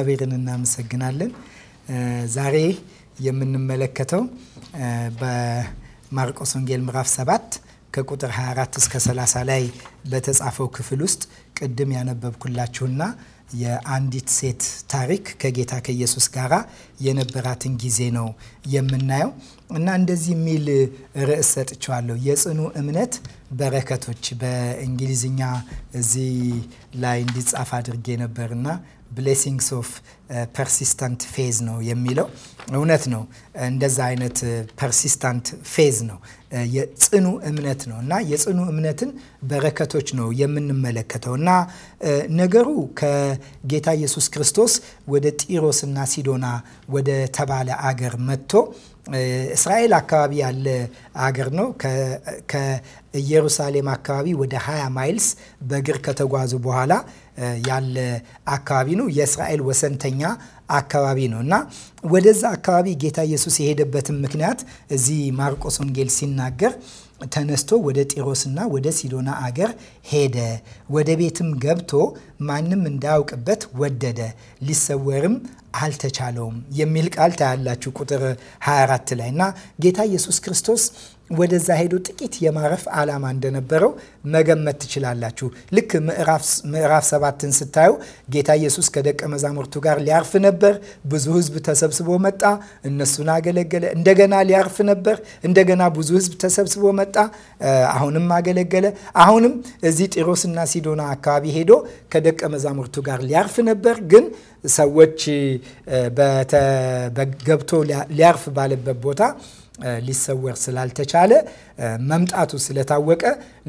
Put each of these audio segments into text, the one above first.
እግዚአብሔርን እናመሰግናለን። ዛሬ የምንመለከተው በማርቆስ ወንጌል ምዕራፍ 7 ከቁጥር 24 እስከ 30 ላይ በተጻፈው ክፍል ውስጥ ቅድም ያነበብኩላችሁና የአንዲት ሴት ታሪክ ከጌታ ከኢየሱስ ጋር የነበራትን ጊዜ ነው የምናየው እና እንደዚህ የሚል ርዕስ ሰጥቸዋለሁ የጽኑ እምነት በረከቶች በእንግሊዝኛ እዚህ ላይ እንዲጻፍ አድርጌ ነበርና ብሌሲንግስ ኦፍ ፐርሲስታንት ፌዝ ነው የሚለው እውነት ነው። እንደዛ አይነት ፐርሲስታንት uh, ፌዝ ነው የጽኑ እምነት ነው እና የጽኑ እምነትን በረከቶች ነው የምንመለከተው እና ነገሩ ከጌታ ኢየሱስ ክርስቶስ ወደ እና ሲዶና ወደ ተባለ አገር መጥቶ እስራኤል አካባቢ ያለ አገር ነው። ከኢየሩሳሌም አካባቢ ወደ 20 ማይልስ በእግር ከተጓዙ በኋላ ያለ አካባቢ ነው። የእስራኤል ወሰንተኛ አካባቢ ነው እና ወደዛ አካባቢ ጌታ ኢየሱስ የሄደበትን ምክንያት እዚህ ማርቆስ ወንጌል ሲናገር ተነስቶ ወደ ጢሮስና ወደ ሲዶና አገር ሄደ። ወደ ቤትም ገብቶ ማንም እንዳያውቅበት ወደደ፣ ሊሰወርም አልተቻለውም የሚል ቃል ታያላችሁ ቁጥር 24 ላይ እና ጌታ ኢየሱስ ክርስቶስ ወደዛ ሄዶ ጥቂት የማረፍ ዓላማ እንደነበረው መገመት ትችላላችሁ። ልክ ምዕራፍ ሰባትን ስታዩ ጌታ ኢየሱስ ከደቀ መዛሙርቱ ጋር ሊያርፍ ነበር። ብዙ ሕዝብ ተሰብስቦ መጣ፣ እነሱን አገለገለ። እንደገና ሊያርፍ ነበር። እንደገና ብዙ ሕዝብ ተሰብስቦ መጣ፣ አሁንም አገለገለ። አሁንም እዚህ ጢሮስና ሲዶና አካባቢ ሄዶ ከደቀ መዛሙርቱ ጋር ሊያርፍ ነበር ግን ሰዎች ገብቶ ሊያርፍ ባለበት ቦታ ሊሰወር ስላልተቻለ መምጣቱ ስለታወቀ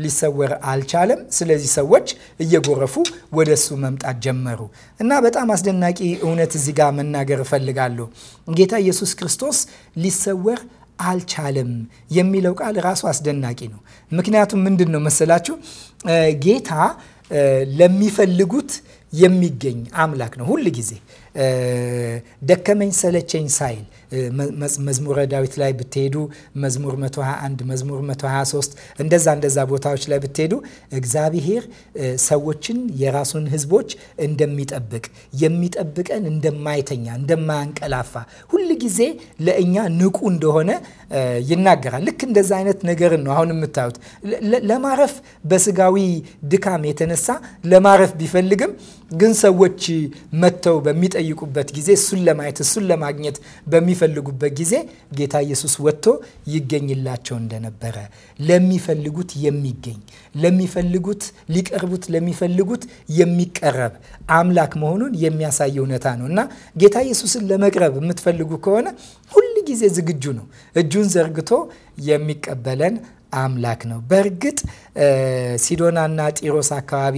ሊሰወር አልቻለም። ስለዚህ ሰዎች እየጎረፉ ወደ እሱ መምጣት ጀመሩ እና በጣም አስደናቂ እውነት እዚህ ጋር መናገር እፈልጋለሁ። ጌታ ኢየሱስ ክርስቶስ ሊሰወር አልቻለም የሚለው ቃል ራሱ አስደናቂ ነው። ምክንያቱም ምንድን ነው መሰላችሁ ጌታ ለሚፈልጉት የሚገኝ አምላክ ነው። ሁል ጊዜ ደከመኝ ሰለቸኝ ሳይል መዝሙረ ዳዊት ላይ ብትሄዱ መዝሙር 121 መዝሙር 123 እንደዛ እንደዛ ቦታዎች ላይ ብትሄዱ እግዚአብሔር ሰዎችን የራሱን ህዝቦች እንደሚጠብቅ የሚጠብቀን እንደማይተኛ እንደማያንቀላፋ ሁል ጊዜ ለእኛ ንቁ እንደሆነ ይናገራል። ልክ እንደዛ አይነት ነገር ነው አሁን የምታዩት። ለማረፍ በስጋዊ ድካም የተነሳ ለማረፍ ቢፈልግም ግን ሰዎች መጥተው በሚጠይቁበት ጊዜ እሱን ለማየት እሱን ለማግኘት በሚፈልጉበት ጊዜ ጌታ ኢየሱስ ወጥቶ ይገኝላቸው እንደነበረ ለሚፈልጉት የሚገኝ ለሚፈልጉት ሊቀርቡት ለሚፈልጉት የሚቀረብ አምላክ መሆኑን የሚያሳይ እውነታ ነው እና ጌታ ኢየሱስን ለመቅረብ የምትፈልጉ ከሆነ ጊዜ ዝግጁ ነው። እጁን ዘርግቶ የሚቀበለን አምላክ ነው። በእርግጥ ሲዶናና ጢሮስ አካባቢ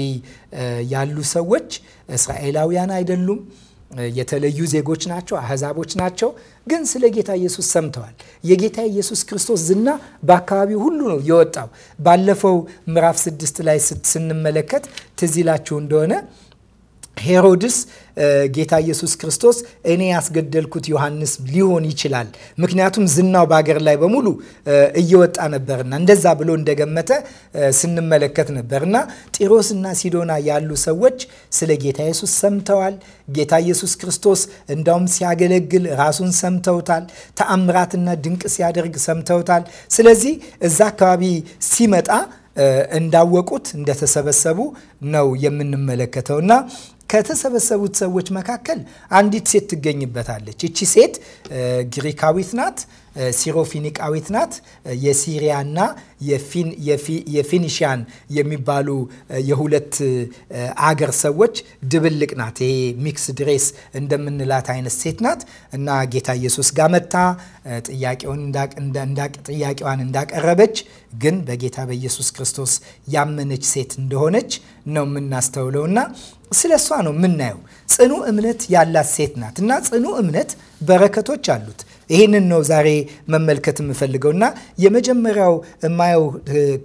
ያሉ ሰዎች እስራኤላውያን አይደሉም። የተለዩ ዜጎች ናቸው፣ አህዛቦች ናቸው። ግን ስለ ጌታ ኢየሱስ ሰምተዋል። የጌታ ኢየሱስ ክርስቶስ ዝና በአካባቢው ሁሉ ነው የወጣው። ባለፈው ምዕራፍ ስድስት ላይ ስንመለከት ትዝ ይላችሁ እንደሆነ ሄሮድስ ጌታ ኢየሱስ ክርስቶስ እኔ ያስገደልኩት ዮሐንስ ሊሆን ይችላል፣ ምክንያቱም ዝናው በአገር ላይ በሙሉ እየወጣ ነበርና እንደዛ ብሎ እንደገመተ ስንመለከት ነበርና ጢሮስና ሲዶና ያሉ ሰዎች ስለ ጌታ ኢየሱስ ሰምተዋል። ጌታ ኢየሱስ ክርስቶስ እንዳውም ሲያገለግል ራሱን ሰምተውታል። ተአምራትና ድንቅ ሲያደርግ ሰምተውታል። ስለዚህ እዛ አካባቢ ሲመጣ እንዳወቁት እንደተሰበሰቡ ነው የምንመለከተው እና ከተሰበሰቡት ሰዎች መካከል አንዲት ሴት ትገኝበታለች። እቺ ሴት ግሪካዊት ናት፣ ሲሮፊኒቃዊት ናት። የሲሪያና የፊኒሽያን የሚባሉ የሁለት አገር ሰዎች ድብልቅ ናት። ይሄ ሚክስ ድሬስ እንደምንላት አይነት ሴት ናት እና ጌታ ኢየሱስ ጋር መታ ጥያቄዋን እንዳቀረበች ግን በጌታ በኢየሱስ ክርስቶስ ያመነች ሴት እንደሆነች ነው የምናስተውለውና ስለ እሷ ነው የምናየው። ጽኑ እምነት ያላት ሴት ናት እና ጽኑ እምነት በረከቶች አሉት። ይህንን ነው ዛሬ መመልከት የምፈልገው እና የመጀመሪያው የማየው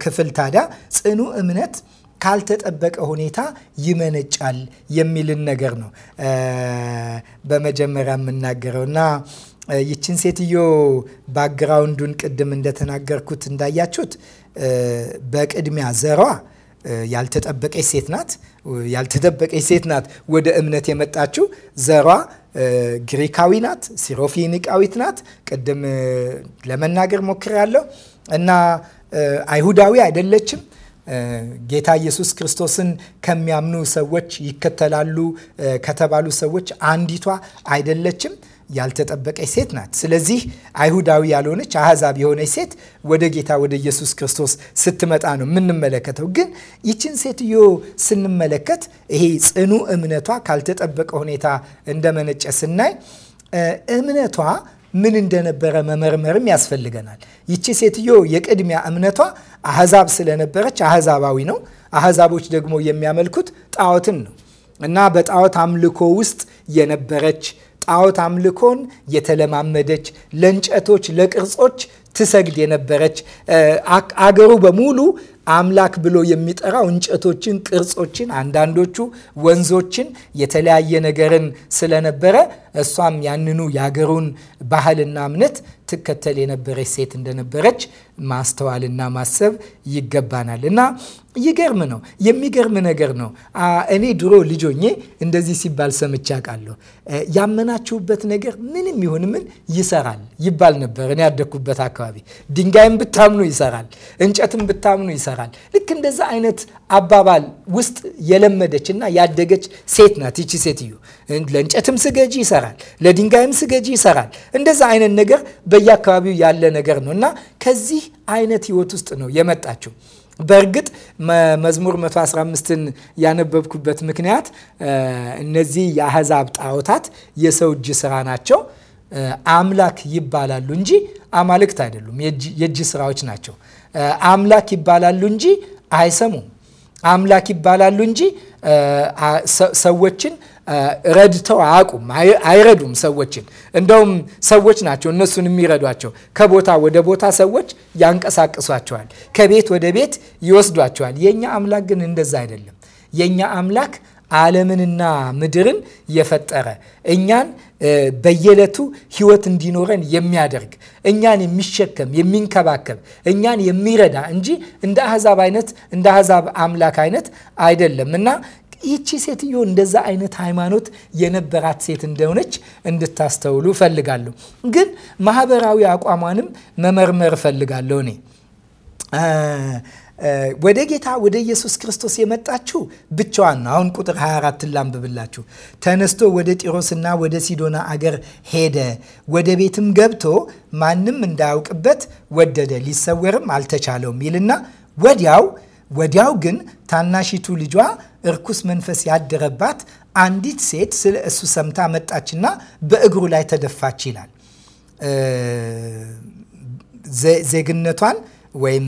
ክፍል ታዲያ ጽኑ እምነት ካልተጠበቀ ሁኔታ ይመነጫል የሚልን ነገር ነው በመጀመሪያ የምናገረው እና ይችን ሴትዮ ባክግራውንዱን ቅድም እንደተናገርኩት እንዳያችሁት በቅድሚያ ዘሯ ያልተጠበቀች ሴት ናት። ያልተደበቀች ሴት ናት ወደ እምነት የመጣችው። ዘሯ ግሪካዊ ናት፣ ሲሮፊኒቃዊት ናት። ቅድም ለመናገር ሞክሬያለሁ እና አይሁዳዊ አይደለችም። ጌታ ኢየሱስ ክርስቶስን ከሚያምኑ ሰዎች ይከተላሉ ከተባሉ ሰዎች አንዲቷ አይደለችም። ያልተጠበቀች ሴት ናት። ስለዚህ አይሁዳዊ ያልሆነች አህዛብ የሆነች ሴት ወደ ጌታ ወደ ኢየሱስ ክርስቶስ ስትመጣ ነው የምንመለከተው። ግን ይችን ሴትዮ ስንመለከት ይሄ ጽኑ እምነቷ ካልተጠበቀ ሁኔታ እንደመነጨ ስናይ እምነቷ ምን እንደነበረ መመርመርም ያስፈልገናል። ይቺ ሴትዮ የቅድሚያ እምነቷ አህዛብ ስለነበረች አህዛባዊ ነው። አህዛቦች ደግሞ የሚያመልኩት ጣዖትን ነው እና በጣዖት አምልኮ ውስጥ የነበረች ጣዖት አምልኮን የተለማመደች ለእንጨቶች፣ ለቅርጾች ትሰግድ የነበረች አገሩ በሙሉ አምላክ ብሎ የሚጠራው እንጨቶችን፣ ቅርጾችን፣ አንዳንዶቹ ወንዞችን፣ የተለያየ ነገርን ስለነበረ እሷም ያንኑ የአገሩን ባህልና እምነት ትከተል የነበረች ሴት እንደነበረች ማስተዋልና ማሰብ ይገባናል። እና ይገርም ነው፣ የሚገርም ነገር ነው። እኔ ድሮ ልጆኜ እንደዚህ ሲባል ሰምቼ አውቃለሁ። ያመናችሁበት ነገር ምንም ይሁን ምን ይሰራል ይባል ነበር እኔ ያደግኩበት አካባቢ አካባቢ ድንጋይም ብታምኑ ይሰራል፣ እንጨትም ብታምኑ ይሰራል። ልክ እንደዛ አይነት አባባል ውስጥ የለመደች እና ያደገች ሴት ናት ይቺ ሴትዮ። ለእንጨትም ስገጂ ይሰራል፣ ለድንጋይም ስገጂ ይሰራል። እንደዛ አይነት ነገር በየአካባቢው ያለ ነገር ነው እና ከዚህ አይነት ህይወት ውስጥ ነው የመጣችው። በእርግጥ መዝሙር 115ን ያነበብኩበት ምክንያት እነዚህ የአህዛብ ጣዖታት የሰው እጅ ስራ ናቸው አምላክ ይባላሉ እንጂ አማልክት አይደሉም። የእጅ ስራዎች ናቸው። አምላክ ይባላሉ እንጂ አይሰሙም። አምላክ ይባላሉ እንጂ ሰዎችን ረድተው አያውቁም፣ አይረዱም ሰዎችን። እንደውም ሰዎች ናቸው እነሱን የሚረዷቸው። ከቦታ ወደ ቦታ ሰዎች ያንቀሳቅሷቸዋል፣ ከቤት ወደ ቤት ይወስዷቸዋል። የእኛ አምላክ ግን እንደዛ አይደለም። የእኛ አምላክ ዓለምንና ምድርን የፈጠረ እኛን በየዕለቱ ህይወት እንዲኖረን የሚያደርግ እኛን የሚሸከም የሚንከባከብ እኛን የሚረዳ እንጂ እንደ አህዛብ አይነት እንደ አህዛብ አምላክ አይነት አይደለም እና ይቺ ሴትዮ እንደዛ አይነት ሃይማኖት የነበራት ሴት እንደሆነች እንድታስተውሉ እፈልጋለሁ። ግን ማህበራዊ አቋሟንም መመርመር እፈልጋለሁ እኔ ወደ ጌታ ወደ ኢየሱስ ክርስቶስ የመጣችሁ ብቻዋን ነው። አሁን ቁጥር 24 ላንብብላችሁ። ተነስቶ ወደ ጢሮስና ወደ ሲዶና አገር ሄደ። ወደ ቤትም ገብቶ ማንም እንዳያውቅበት ወደደ፣ ሊሰወርም አልተቻለውም ይልና ወዲያው ወዲያው ግን ታናሺቱ ልጇ እርኩስ መንፈስ ያደረባት አንዲት ሴት ስለ እሱ ሰምታ መጣችና በእግሩ ላይ ተደፋች ይላል ዜግነቷን ወይም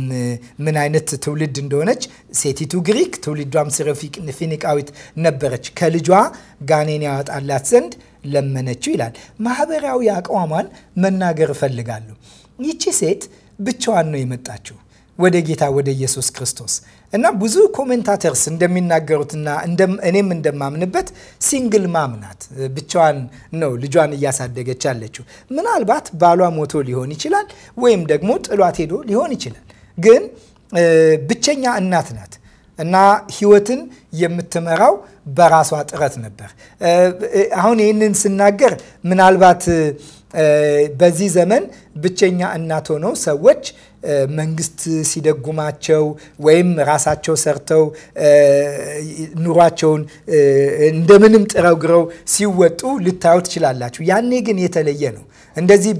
ምን አይነት ትውልድ እንደሆነች ሴቲቱ ግሪክ ትውልዷም ፊኒቃዊት ነበረች። ከልጇ ጋኔን ያወጣላት ዘንድ ለመነችው ይላል። ማህበራዊ አቋሟን መናገር እፈልጋለሁ። ይቺ ሴት ብቻዋን ነው የመጣችው ወደ ጌታ ወደ ኢየሱስ ክርስቶስ እና ብዙ ኮሜንታተርስ እንደሚናገሩትና እኔም እንደማምንበት ሲንግል ማም ናት። ብቻዋን ነው ልጇን እያሳደገች ያለችው። ምናልባት ባሏ ሞቶ ሊሆን ይችላል፣ ወይም ደግሞ ጥሏት ሄዶ ሊሆን ይችላል። ግን ብቸኛ እናት ናት እና ህይወትን የምትመራው በራሷ ጥረት ነበር። አሁን ይህንን ስናገር ምናልባት በዚህ ዘመን ብቸኛ እናት ሆነው ሰዎች መንግስት ሲደጉማቸው ወይም ራሳቸው ሰርተው ኑሯቸውን እንደምንም ጥረው ግረው ሲወጡ ልታዩ ትችላላችሁ። ያኔ ግን የተለየ ነው። እንደዚህ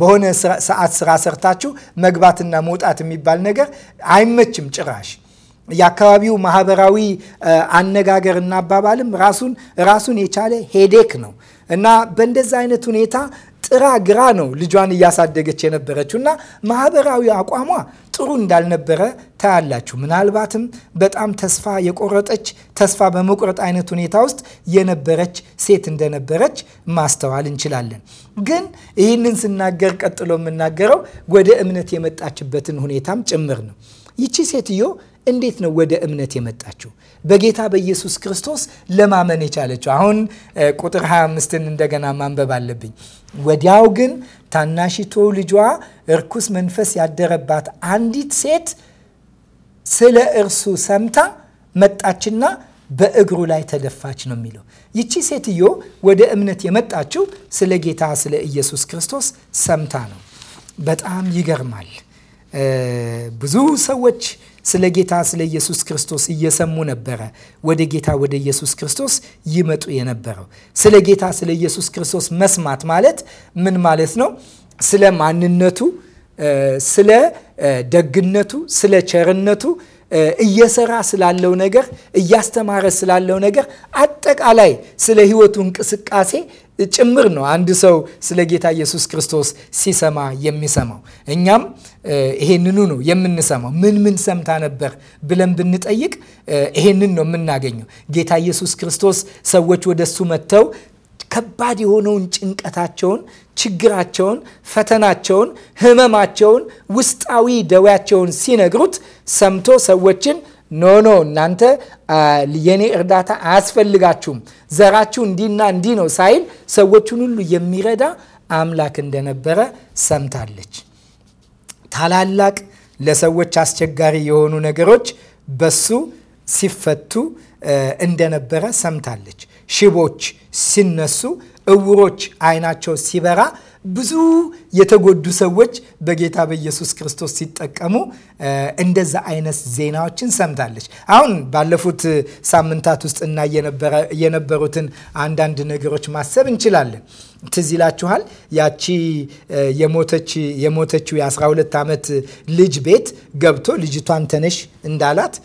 በሆነ ሰዓት ስራ ሰርታችሁ መግባትና መውጣት የሚባል ነገር አይመችም ጭራሽ። የአካባቢው ማህበራዊ አነጋገር እና አባባልም ራሱን ራሱን የቻለ ሄዴክ ነው እና በእንደዛ አይነት ሁኔታ ጥራ ግራ ነው ልጇን እያሳደገች የነበረችው እና ማህበራዊ አቋሟ ጥሩ እንዳልነበረ ታያላችሁ። ምናልባትም በጣም ተስፋ የቆረጠች ተስፋ በመቁረጥ አይነት ሁኔታ ውስጥ የነበረች ሴት እንደነበረች ማስተዋል እንችላለን። ግን ይህንን ስናገር ቀጥሎ የምናገረው ወደ እምነት የመጣችበትን ሁኔታም ጭምር ነው። ይቺ ሴትዮ እንዴት ነው ወደ እምነት የመጣችው? በጌታ በኢየሱስ ክርስቶስ ለማመን የቻለችው? አሁን ቁጥር 25ን እንደገና ማንበብ አለብኝ። ወዲያው ግን ታናሽቱ ልጇ እርኩስ መንፈስ ያደረባት አንዲት ሴት ስለ እርሱ ሰምታ መጣችና በእግሩ ላይ ተደፋች ነው የሚለው። ይቺ ሴትዮ ወደ እምነት የመጣችው ስለ ጌታ ስለ ኢየሱስ ክርስቶስ ሰምታ ነው። በጣም ይገርማል። ብዙ ሰዎች ስለ ጌታ ስለ ኢየሱስ ክርስቶስ እየሰሙ ነበረ ወደ ጌታ ወደ ኢየሱስ ክርስቶስ ይመጡ የነበረው። ስለ ጌታ ስለ ኢየሱስ ክርስቶስ መስማት ማለት ምን ማለት ነው? ስለ ማንነቱ፣ ስለ ደግነቱ፣ ስለ ቸርነቱ እየሰራ ስላለው ነገር እያስተማረ ስላለው ነገር አጠቃላይ ስለ ሕይወቱ እንቅስቃሴ ጭምር ነው አንድ ሰው ስለ ጌታ ኢየሱስ ክርስቶስ ሲሰማ የሚሰማው። እኛም ይሄንኑ ነው የምንሰማው። ምን ምን ሰምታ ነበር ብለን ብንጠይቅ ይሄንን ነው የምናገኘው። ጌታ ኢየሱስ ክርስቶስ ሰዎች ወደ እሱ መጥተው ከባድ የሆነውን ጭንቀታቸውን፣ ችግራቸውን፣ ፈተናቸውን፣ ህመማቸውን ውስጣዊ ደዌያቸውን ሲነግሩት ሰምቶ ሰዎችን ኖ ኖ እናንተ የኔ እርዳታ አያስፈልጋችሁም፣ ዘራችሁ እንዲና እንዲህ ነው ሳይል ሰዎቹን ሁሉ የሚረዳ አምላክ እንደነበረ ሰምታለች። ታላላቅ ለሰዎች አስቸጋሪ የሆኑ ነገሮች በሱ ሲፈቱ እንደነበረ ሰምታለች። ሽቦች ሲነሱ፣ እውሮች አይናቸው ሲበራ ብዙ የተጎዱ ሰዎች በጌታ በኢየሱስ ክርስቶስ ሲጠቀሙ እንደዛ አይነት ዜናዎችን ሰምታለች። አሁን ባለፉት ሳምንታት ውስጥ እና የነበሩትን አንዳንድ ነገሮች ማሰብ እንችላለን። ትዝ ይላችኋል ያቺ የሞተች የሞተችው የ12 ዓመት ልጅ ቤት ገብቶ ልጅቷን ተነሽ እንዳላት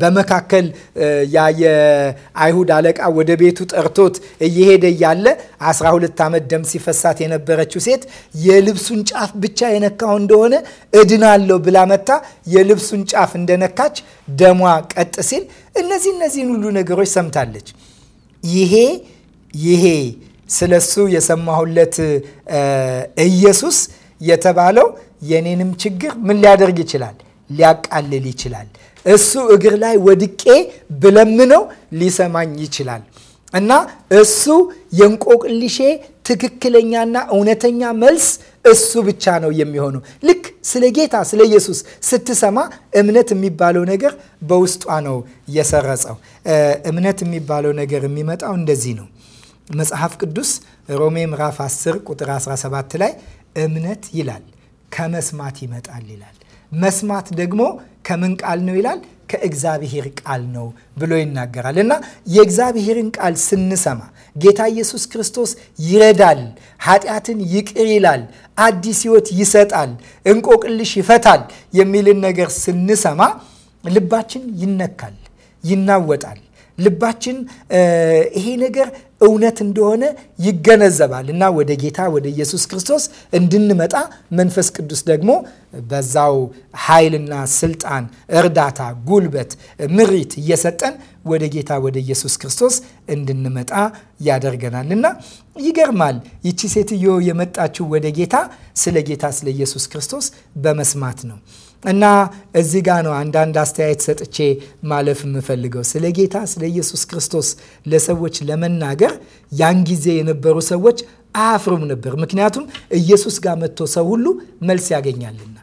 በመካከል ያ የአይሁድ አለቃ ወደ ቤቱ ጠርቶት እየሄደ እያለ 12 ዓመት ደም ሲፈሳት የነበረችው ሴት የልብሱን ጫፍ ብቻ የነካው እንደሆነ እድናለሁ ብላ መታ የልብሱን ጫፍ እንደነካች ደሟ ቀጥ ሲል እነዚህ እነዚህን ሁሉ ነገሮች ሰምታለች። ይሄ ይሄ ስለ እሱ የሰማሁለት ኢየሱስ የተባለው የኔንም ችግር ምን ሊያደርግ ይችላል? ሊያቃልል ይችላል። እሱ እግር ላይ ወድቄ ብለምነው ሊሰማኝ ይችላል እና እሱ የእንቆቅልሼ ትክክለኛና እውነተኛ መልስ እሱ ብቻ ነው የሚሆነው። ልክ ስለ ጌታ ስለ ኢየሱስ ስትሰማ እምነት የሚባለው ነገር በውስጧ ነው የሰረጸው። እምነት የሚባለው ነገር የሚመጣው እንደዚህ ነው። መጽሐፍ ቅዱስ ሮሜ ምዕራፍ 10 ቁጥር 17 ላይ እምነት ይላል ከመስማት ይመጣል ይላል። መስማት ደግሞ ከምን ቃል ነው ይላል? ከእግዚአብሔር ቃል ነው ብሎ ይናገራል። እና የእግዚአብሔርን ቃል ስንሰማ ጌታ ኢየሱስ ክርስቶስ ይረዳል፣ ኃጢአትን ይቅር ይላል፣ አዲስ ህይወት ይሰጣል፣ እንቆቅልሽ ይፈታል የሚልን ነገር ስንሰማ ልባችን ይነካል፣ ይናወጣል። ልባችን ይሄ ነገር እውነት እንደሆነ ይገነዘባል እና ወደ ጌታ ወደ ኢየሱስ ክርስቶስ እንድንመጣ መንፈስ ቅዱስ ደግሞ በዛው ኃይልና ስልጣን፣ እርዳታ፣ ጉልበት፣ ምሪት እየሰጠን ወደ ጌታ ወደ ኢየሱስ ክርስቶስ እንድንመጣ ያደርገናል እና ይገርማል። ይቺ ሴትዮ የመጣችው ወደ ጌታ ስለ ጌታ ስለ ኢየሱስ ክርስቶስ በመስማት ነው። እና እዚህ ጋ ነው አንዳንድ አስተያየት ሰጥቼ ማለፍ የምፈልገው ስለ ጌታ ስለ ኢየሱስ ክርስቶስ ለሰዎች ለመናገር ያን ጊዜ የነበሩ ሰዎች አያፍሩም ነበር። ምክንያቱም ኢየሱስ ጋር መጥቶ ሰው ሁሉ መልስ ያገኛልና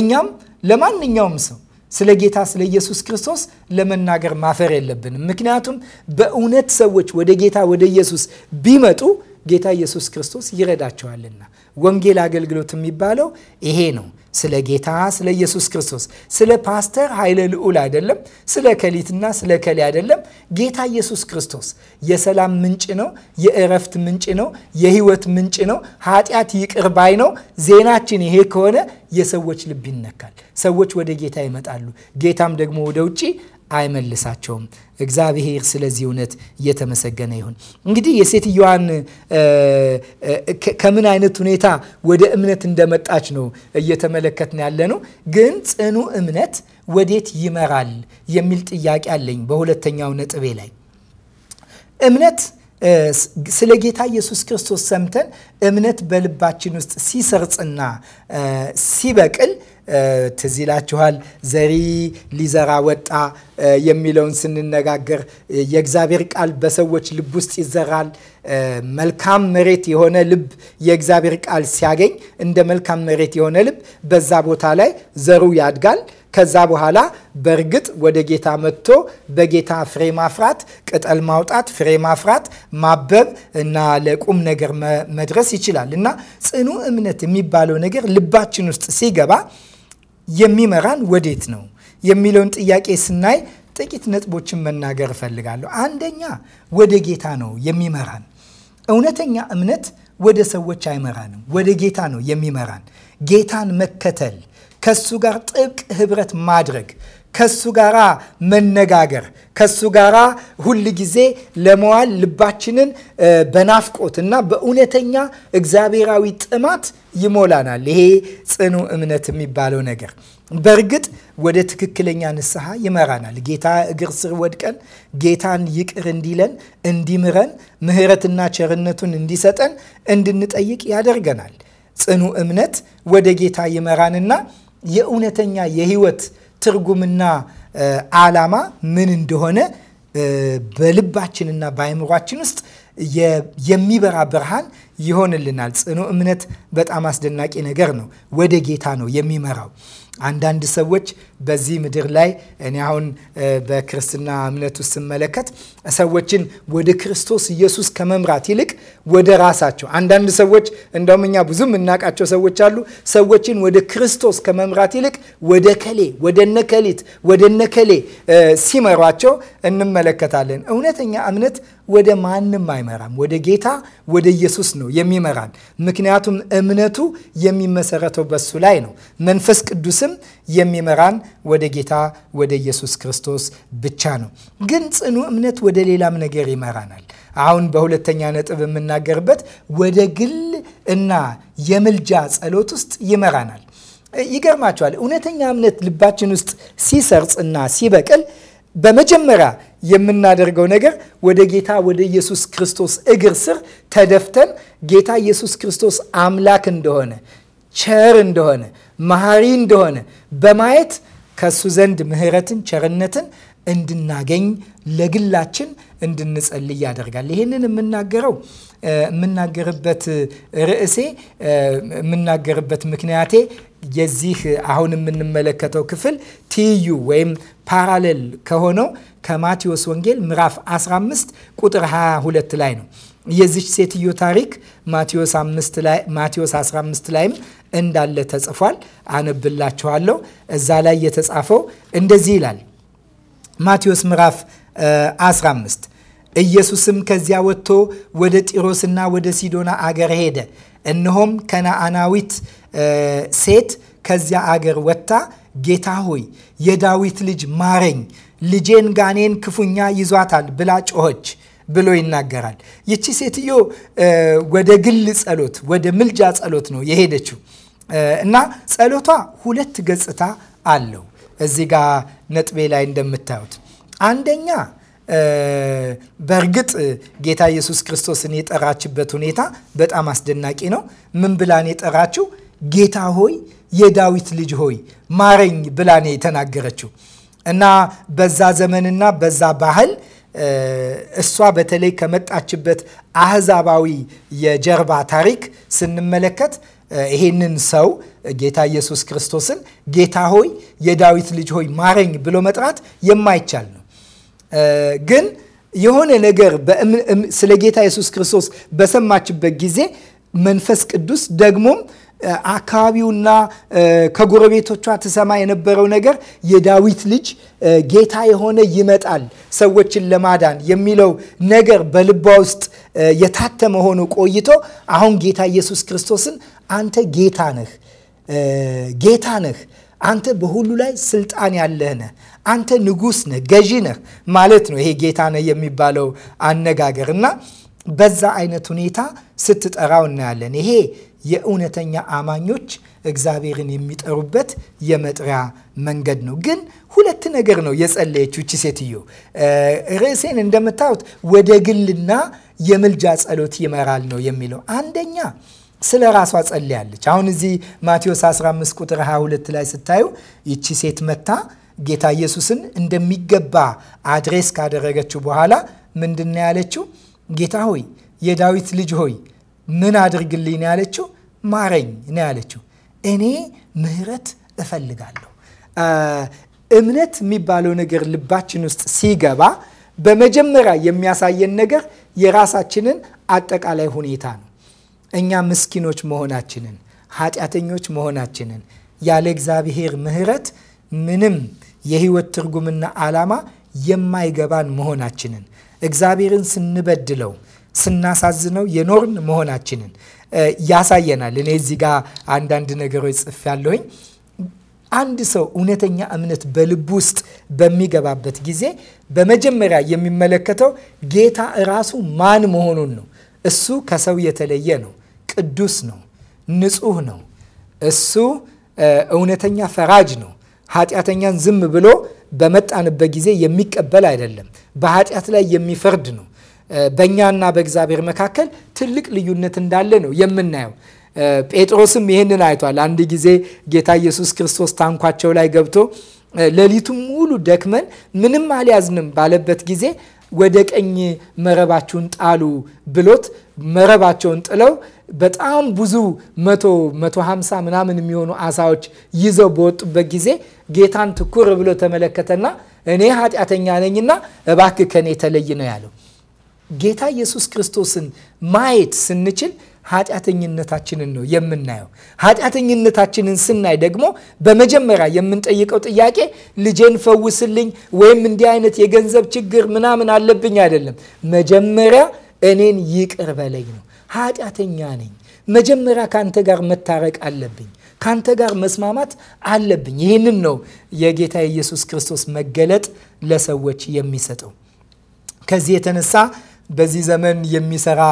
እኛም ለማንኛውም ሰው ስለ ጌታ ስለ ኢየሱስ ክርስቶስ ለመናገር ማፈር የለብንም። ምክንያቱም በእውነት ሰዎች ወደ ጌታ ወደ ኢየሱስ ቢመጡ ጌታ ኢየሱስ ክርስቶስ ይረዳቸዋልና። ወንጌል አገልግሎት የሚባለው ይሄ ነው። ስለ ጌታ ስለ ኢየሱስ ክርስቶስ፣ ስለ ፓስተር ኃይለ ልዑል አይደለም፣ ስለ ከሊትና ስለ ከሊ አይደለም። ጌታ ኢየሱስ ክርስቶስ የሰላም ምንጭ ነው፣ የእረፍት ምንጭ ነው፣ የህይወት ምንጭ ነው፣ ኃጢአት ይቅር ባይ ነው። ዜናችን ይሄ ከሆነ የሰዎች ልብ ይነካል። ሰዎች ወደ ጌታ ይመጣሉ። ጌታም ደግሞ ወደ ውጭ አይመልሳቸውም። እግዚአብሔር ስለዚህ እውነት እየተመሰገነ ይሁን። እንግዲህ የሴትዮዋን ከምን አይነት ሁኔታ ወደ እምነት እንደመጣች ነው እየተመለከትን ያለ ነው። ግን ጽኑ እምነት ወዴት ይመራል የሚል ጥያቄ አለኝ በሁለተኛው ነጥቤ ላይ እምነት ስለ ጌታ ኢየሱስ ክርስቶስ ሰምተን እምነት በልባችን ውስጥ ሲሰርጽና ሲበቅል ትዝ ይላችኋል። ዘሪ ሊዘራ ወጣ የሚለውን ስንነጋገር የእግዚአብሔር ቃል በሰዎች ልብ ውስጥ ይዘራል። መልካም መሬት የሆነ ልብ የእግዚአብሔር ቃል ሲያገኝ እንደ መልካም መሬት የሆነ ልብ በዛ ቦታ ላይ ዘሩ ያድጋል። ከዛ በኋላ በእርግጥ ወደ ጌታ መጥቶ በጌታ ፍሬ ማፍራት፣ ቅጠል ማውጣት፣ ፍሬ ማፍራት፣ ማበብ እና ለቁም ነገር መድረስ ይችላል እና ጽኑ እምነት የሚባለው ነገር ልባችን ውስጥ ሲገባ የሚመራን ወዴት ነው የሚለውን ጥያቄ ስናይ ጥቂት ነጥቦችን መናገር እፈልጋለሁ። አንደኛ ወደ ጌታ ነው የሚመራን። እውነተኛ እምነት ወደ ሰዎች አይመራንም፣ ወደ ጌታ ነው የሚመራን። ጌታን መከተል፣ ከሱ ጋር ጥብቅ ህብረት ማድረግ ከሱ ጋራ መነጋገር ከሱ ጋራ ሁል ጊዜ ለመዋል ልባችንን በናፍቆት እና በእውነተኛ እግዚአብሔራዊ ጥማት ይሞላናል። ይሄ ጽኑ እምነት የሚባለው ነገር በእርግጥ ወደ ትክክለኛ ንስሐ ይመራናል። ጌታ እግር ስር ወድቀን ጌታን ይቅር እንዲለን እንዲምረን፣ ምሕረትና ቸርነቱን እንዲሰጠን እንድንጠይቅ ያደርገናል። ጽኑ እምነት ወደ ጌታ ይመራንና የእውነተኛ የህይወት ትርጉምና ዓላማ ምን እንደሆነ በልባችንና በአይምሯችን ውስጥ የሚበራ ብርሃን ይሆንልናል። ጽኑ እምነት በጣም አስደናቂ ነገር ነው። ወደ ጌታ ነው የሚመራው። አንዳንድ ሰዎች በዚህ ምድር ላይ እኔ አሁን በክርስትና እምነት ውስጥ ስመለከት ሰዎችን ወደ ክርስቶስ ኢየሱስ ከመምራት ይልቅ ወደ ራሳቸው አንዳንድ ሰዎች እንደውም እኛ ብዙ የምናውቃቸው ሰዎች አሉ። ሰዎችን ወደ ክርስቶስ ከመምራት ይልቅ ወደ ከሌ ወደ ነከሊት ወደ ነከሌ ሲመሯቸው እንመለከታለን። እውነተኛ እምነት ወደ ማንም አይመራም። ወደ ጌታ ወደ ኢየሱስ ነው የሚመራን። ምክንያቱም እምነቱ የሚመሰረተው በሱ ላይ ነው። መንፈስ ቅዱስም የሚመራን ወደ ጌታ ወደ ኢየሱስ ክርስቶስ ብቻ ነው። ግን ጽኑ እምነት ወደ ሌላም ነገር ይመራናል። አሁን በሁለተኛ ነጥብ የምናገርበት ወደ ግል እና የምልጃ ጸሎት ውስጥ ይመራናል። ይገርማቸዋል። እውነተኛ እምነት ልባችን ውስጥ ሲሰርጽ እና ሲበቅል በመጀመሪያ የምናደርገው ነገር ወደ ጌታ ወደ ኢየሱስ ክርስቶስ እግር ስር ተደፍተን ጌታ ኢየሱስ ክርስቶስ አምላክ እንደሆነ፣ ቸር እንደሆነ፣ መሐሪ እንደሆነ በማየት ከእሱ ዘንድ ምሕረትን፣ ቸርነትን እንድናገኝ ለግላችን እንድንጸልይ ያደርጋል። ይህንን የምናገረው የምናገርበት ርዕሴ የምናገርበት ምክንያቴ የዚህ አሁን የምንመለከተው ክፍል ትይዩ ወይም ፓራሌል ከሆነው ከማቴዎስ ወንጌል ምዕራፍ 15 ቁጥር 22 ላይ ነው። የዚች ሴትዮ ታሪክ ማቴዎስ 15 ላይም እንዳለ ተጽፏል። አነብላችኋለሁ። እዛ ላይ የተጻፈው እንደዚህ ይላል። ማቴዎስ ምዕራፍ 15 ኢየሱስም ከዚያ ወጥቶ ወደ ጢሮስና ወደ ሲዶና አገር ሄደ። እነሆም ከነአናዊት ሴት ከዚያ አገር ወጥታ ጌታ ሆይ የዳዊት ልጅ ማረኝ፣ ልጄን ጋኔን ክፉኛ ይዟታል ብላ ጮኸች ብሎ ይናገራል። ይቺ ሴትዮ ወደ ግል ጸሎት፣ ወደ ምልጃ ጸሎት ነው የሄደችው እና ጸሎቷ ሁለት ገጽታ አለው። እዚህ ጋር ነጥቤ ላይ እንደምታዩት አንደኛ በእርግጥ ጌታ ኢየሱስ ክርስቶስን የጠራችበት ሁኔታ በጣም አስደናቂ ነው። ምን ብላን የጠራችው? ጌታ ሆይ የዳዊት ልጅ ሆይ ማረኝ ብላን የተናገረችው እና በዛ ዘመንና በዛ ባህል እሷ በተለይ ከመጣችበት አህዛባዊ የጀርባ ታሪክ ስንመለከት ይሄንን ሰው ጌታ ኢየሱስ ክርስቶስን ጌታ ሆይ የዳዊት ልጅ ሆይ ማረኝ ብሎ መጥራት የማይቻል ነው። ግን የሆነ ነገር ስለ ጌታ ኢየሱስ ክርስቶስ በሰማችበት ጊዜ መንፈስ ቅዱስ ደግሞም አካባቢውና ከጎረቤቶቿ ትሰማ የነበረው ነገር የዳዊት ልጅ ጌታ የሆነ ይመጣል ሰዎችን ለማዳን የሚለው ነገር በልቧ ውስጥ የታተመ ሆኖ ቆይቶ አሁን ጌታ ኢየሱስ ክርስቶስን አንተ ጌታ ነህ ጌታ ነህ አንተ በሁሉ ላይ ስልጣን ያለህ ነህ፣ አንተ ንጉስ ነህ፣ ገዢ ነህ ማለት ነው ይሄ ጌታ ነህ የሚባለው አነጋገር እና በዛ አይነት ሁኔታ ስትጠራው እናያለን። ይሄ የእውነተኛ አማኞች እግዚአብሔርን የሚጠሩበት የመጥሪያ መንገድ ነው። ግን ሁለት ነገር ነው የጸለየችው እቺ ሴትዮ። ርዕሴን እንደምታዩት ወደ ግልና የምልጃ ጸሎት ይመራል ነው የሚለው አንደኛ ስለ ራሷ ጸልያለች። አሁን እዚህ ማቴዎስ 15 ቁጥር 22 ላይ ስታዩ ይቺ ሴት መታ ጌታ ኢየሱስን እንደሚገባ አድሬስ ካደረገችው በኋላ ምንድን ነው ያለችው? ጌታ ሆይ የዳዊት ልጅ ሆይ ምን አድርግልኝ ነው ያለችው? ማረኝ ነው ያለችው። እኔ ምህረት እፈልጋለሁ። እምነት የሚባለው ነገር ልባችን ውስጥ ሲገባ በመጀመሪያ የሚያሳየን ነገር የራሳችንን አጠቃላይ ሁኔታ ነው። እኛ ምስኪኖች መሆናችንን፣ ኃጢአተኞች መሆናችንን፣ ያለ እግዚአብሔር ምሕረት ምንም የህይወት ትርጉምና ዓላማ የማይገባን መሆናችንን፣ እግዚአብሔርን ስንበድለው፣ ስናሳዝነው የኖርን መሆናችንን ያሳየናል። እኔ እዚህ ጋር አንዳንድ ነገሮች ጽፍ ያለሁኝ አንድ ሰው እውነተኛ እምነት በልብ ውስጥ በሚገባበት ጊዜ በመጀመሪያ የሚመለከተው ጌታ እራሱ ማን መሆኑን ነው። እሱ ከሰው የተለየ ነው። ቅዱስ ነው፣ ንጹህ ነው። እሱ እውነተኛ ፈራጅ ነው። ኃጢአተኛን ዝም ብሎ በመጣንበት ጊዜ የሚቀበል አይደለም። በኃጢአት ላይ የሚፈርድ ነው። በእኛና በእግዚአብሔር መካከል ትልቅ ልዩነት እንዳለ ነው የምናየው። ጴጥሮስም ይህንን አይቷል። አንድ ጊዜ ጌታ ኢየሱስ ክርስቶስ ታንኳቸው ላይ ገብቶ ሌሊቱም ሙሉ ደክመን ምንም አልያዝንም ባለበት ጊዜ ወደ ቀኝ መረባችሁን ጣሉ ብሎት መረባቸውን ጥለው በጣም ብዙ መቶ መቶ ሀምሳ ምናምን የሚሆኑ አሳዎች ይዘው በወጡበት ጊዜ ጌታን ትኩር ብሎ ተመለከተና እኔ ኃጢአተኛ ነኝና እባክ ከኔ ተለይ ነው ያለው። ጌታ ኢየሱስ ክርስቶስን ማየት ስንችል ኃጢአተኝነታችንን ነው የምናየው። ኃጢአተኝነታችንን ስናይ ደግሞ በመጀመሪያ የምንጠይቀው ጥያቄ ልጄን ፈውስልኝ ወይም እንዲህ አይነት የገንዘብ ችግር ምናምን አለብኝ አይደለም። መጀመሪያ እኔን ይቅር በለኝ ነው። ኃጢአተኛ ነኝ። መጀመሪያ ከአንተ ጋር መታረቅ አለብኝ። ከአንተ ጋር መስማማት አለብኝ። ይህንን ነው የጌታ የኢየሱስ ክርስቶስ መገለጥ ለሰዎች የሚሰጠው። ከዚህ የተነሳ በዚህ ዘመን የሚሰራ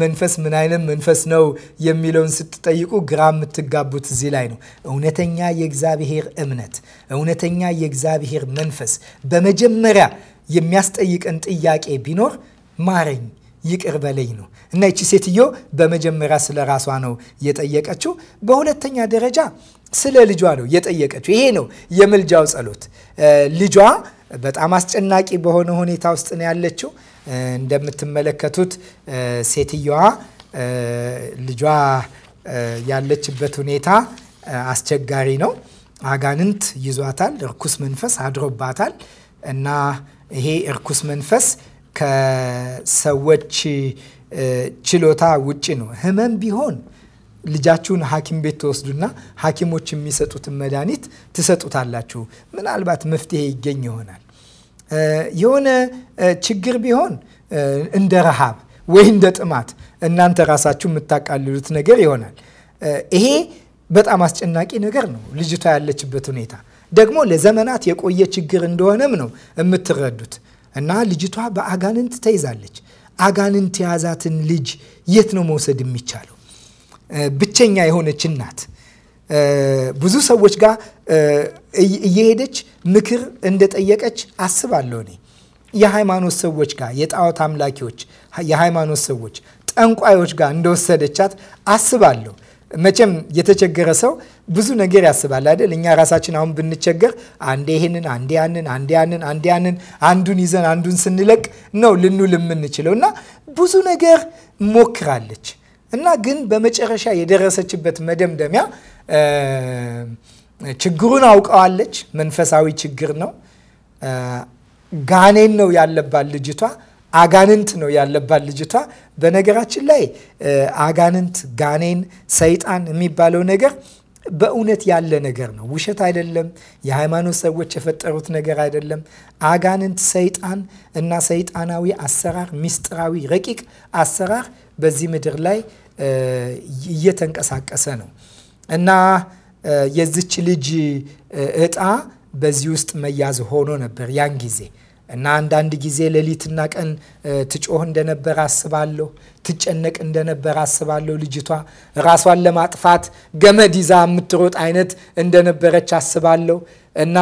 መንፈስ ምን አይነት መንፈስ ነው የሚለውን ስትጠይቁ ግራ የምትጋቡት እዚህ ላይ ነው። እውነተኛ የእግዚአብሔር እምነት፣ እውነተኛ የእግዚአብሔር መንፈስ በመጀመሪያ የሚያስጠይቀን ጥያቄ ቢኖር ማረኝ ይቅር በለኝ ነው እና ይቺ ሴትዮ በመጀመሪያ ስለ ራሷ ነው የጠየቀችው። በሁለተኛ ደረጃ ስለ ልጇ ነው የጠየቀችው። ይሄ ነው የምልጃው ጸሎት። ልጇ በጣም አስጨናቂ በሆነ ሁኔታ ውስጥ ነው ያለችው። እንደምትመለከቱት ሴትየዋ ልጇ ያለችበት ሁኔታ አስቸጋሪ ነው። አጋንንት ይዟታል፣ እርኩስ መንፈስ አድሮባታል እና ይሄ እርኩስ መንፈስ ከሰዎች ችሎታ ውጭ ነው። ህመም ቢሆን ልጃችሁን ሐኪም ቤት ትወስዱና ሐኪሞች የሚሰጡትን መድኃኒት ትሰጡታላችሁ። ምናልባት መፍትሄ ይገኝ ይሆናል። የሆነ ችግር ቢሆን እንደ ረሃብ ወይ እንደ ጥማት እናንተ ራሳችሁ የምታቃልሉት ነገር ይሆናል። ይሄ በጣም አስጨናቂ ነገር ነው። ልጅቷ ያለችበት ሁኔታ ደግሞ ለዘመናት የቆየ ችግር እንደሆነም ነው የምትረዱት። እና ልጅቷ በአጋንንት ተይዛለች። አጋንንት የያዛትን ልጅ የት ነው መውሰድ የሚቻለው? ብቸኛ የሆነች እናት ብዙ ሰዎች ጋር እየሄደች ምክር እንደጠየቀች አስባለሁ እኔ የሃይማኖት ሰዎች ጋር፣ የጣዖት አምላኪዎች፣ የሃይማኖት ሰዎች ጠንቋዮች ጋር እንደወሰደቻት አስባለሁ። መቼም የተቸገረ ሰው ብዙ ነገር ያስባል አይደል? እኛ ራሳችን አሁን ብንቸገር አንዴ ይህንን አንዴ ያንን አንዴ ያንን አንዴ ያንን አንዱን ይዘን አንዱን ስንለቅ ነው ልንል የምንችለው እና ብዙ ነገር ሞክራለች እና ግን በመጨረሻ የደረሰችበት መደምደሚያ ችግሩን አውቀዋለች። መንፈሳዊ ችግር ነው። ጋኔን ነው ያለባት ልጅቷ አጋንንት ነው ያለባት ልጅቷ። በነገራችን ላይ አጋንንት፣ ጋኔን፣ ሰይጣን የሚባለው ነገር በእውነት ያለ ነገር ነው። ውሸት አይደለም። የሃይማኖት ሰዎች የፈጠሩት ነገር አይደለም። አጋንንት፣ ሰይጣን እና ሰይጣናዊ አሰራር፣ ምስጢራዊ ረቂቅ አሰራር በዚህ ምድር ላይ እየተንቀሳቀሰ ነው እና የዚች ልጅ እጣ በዚህ ውስጥ መያዝ ሆኖ ነበር ያን ጊዜ እና አንዳንድ ጊዜ ሌሊትና ቀን ትጮህ እንደነበር አስባለሁ። ትጨነቅ እንደነበር አስባለሁ። ልጅቷ ራሷን ለማጥፋት ገመድ ይዛ የምትሮጥ አይነት እንደነበረች አስባለሁ። እና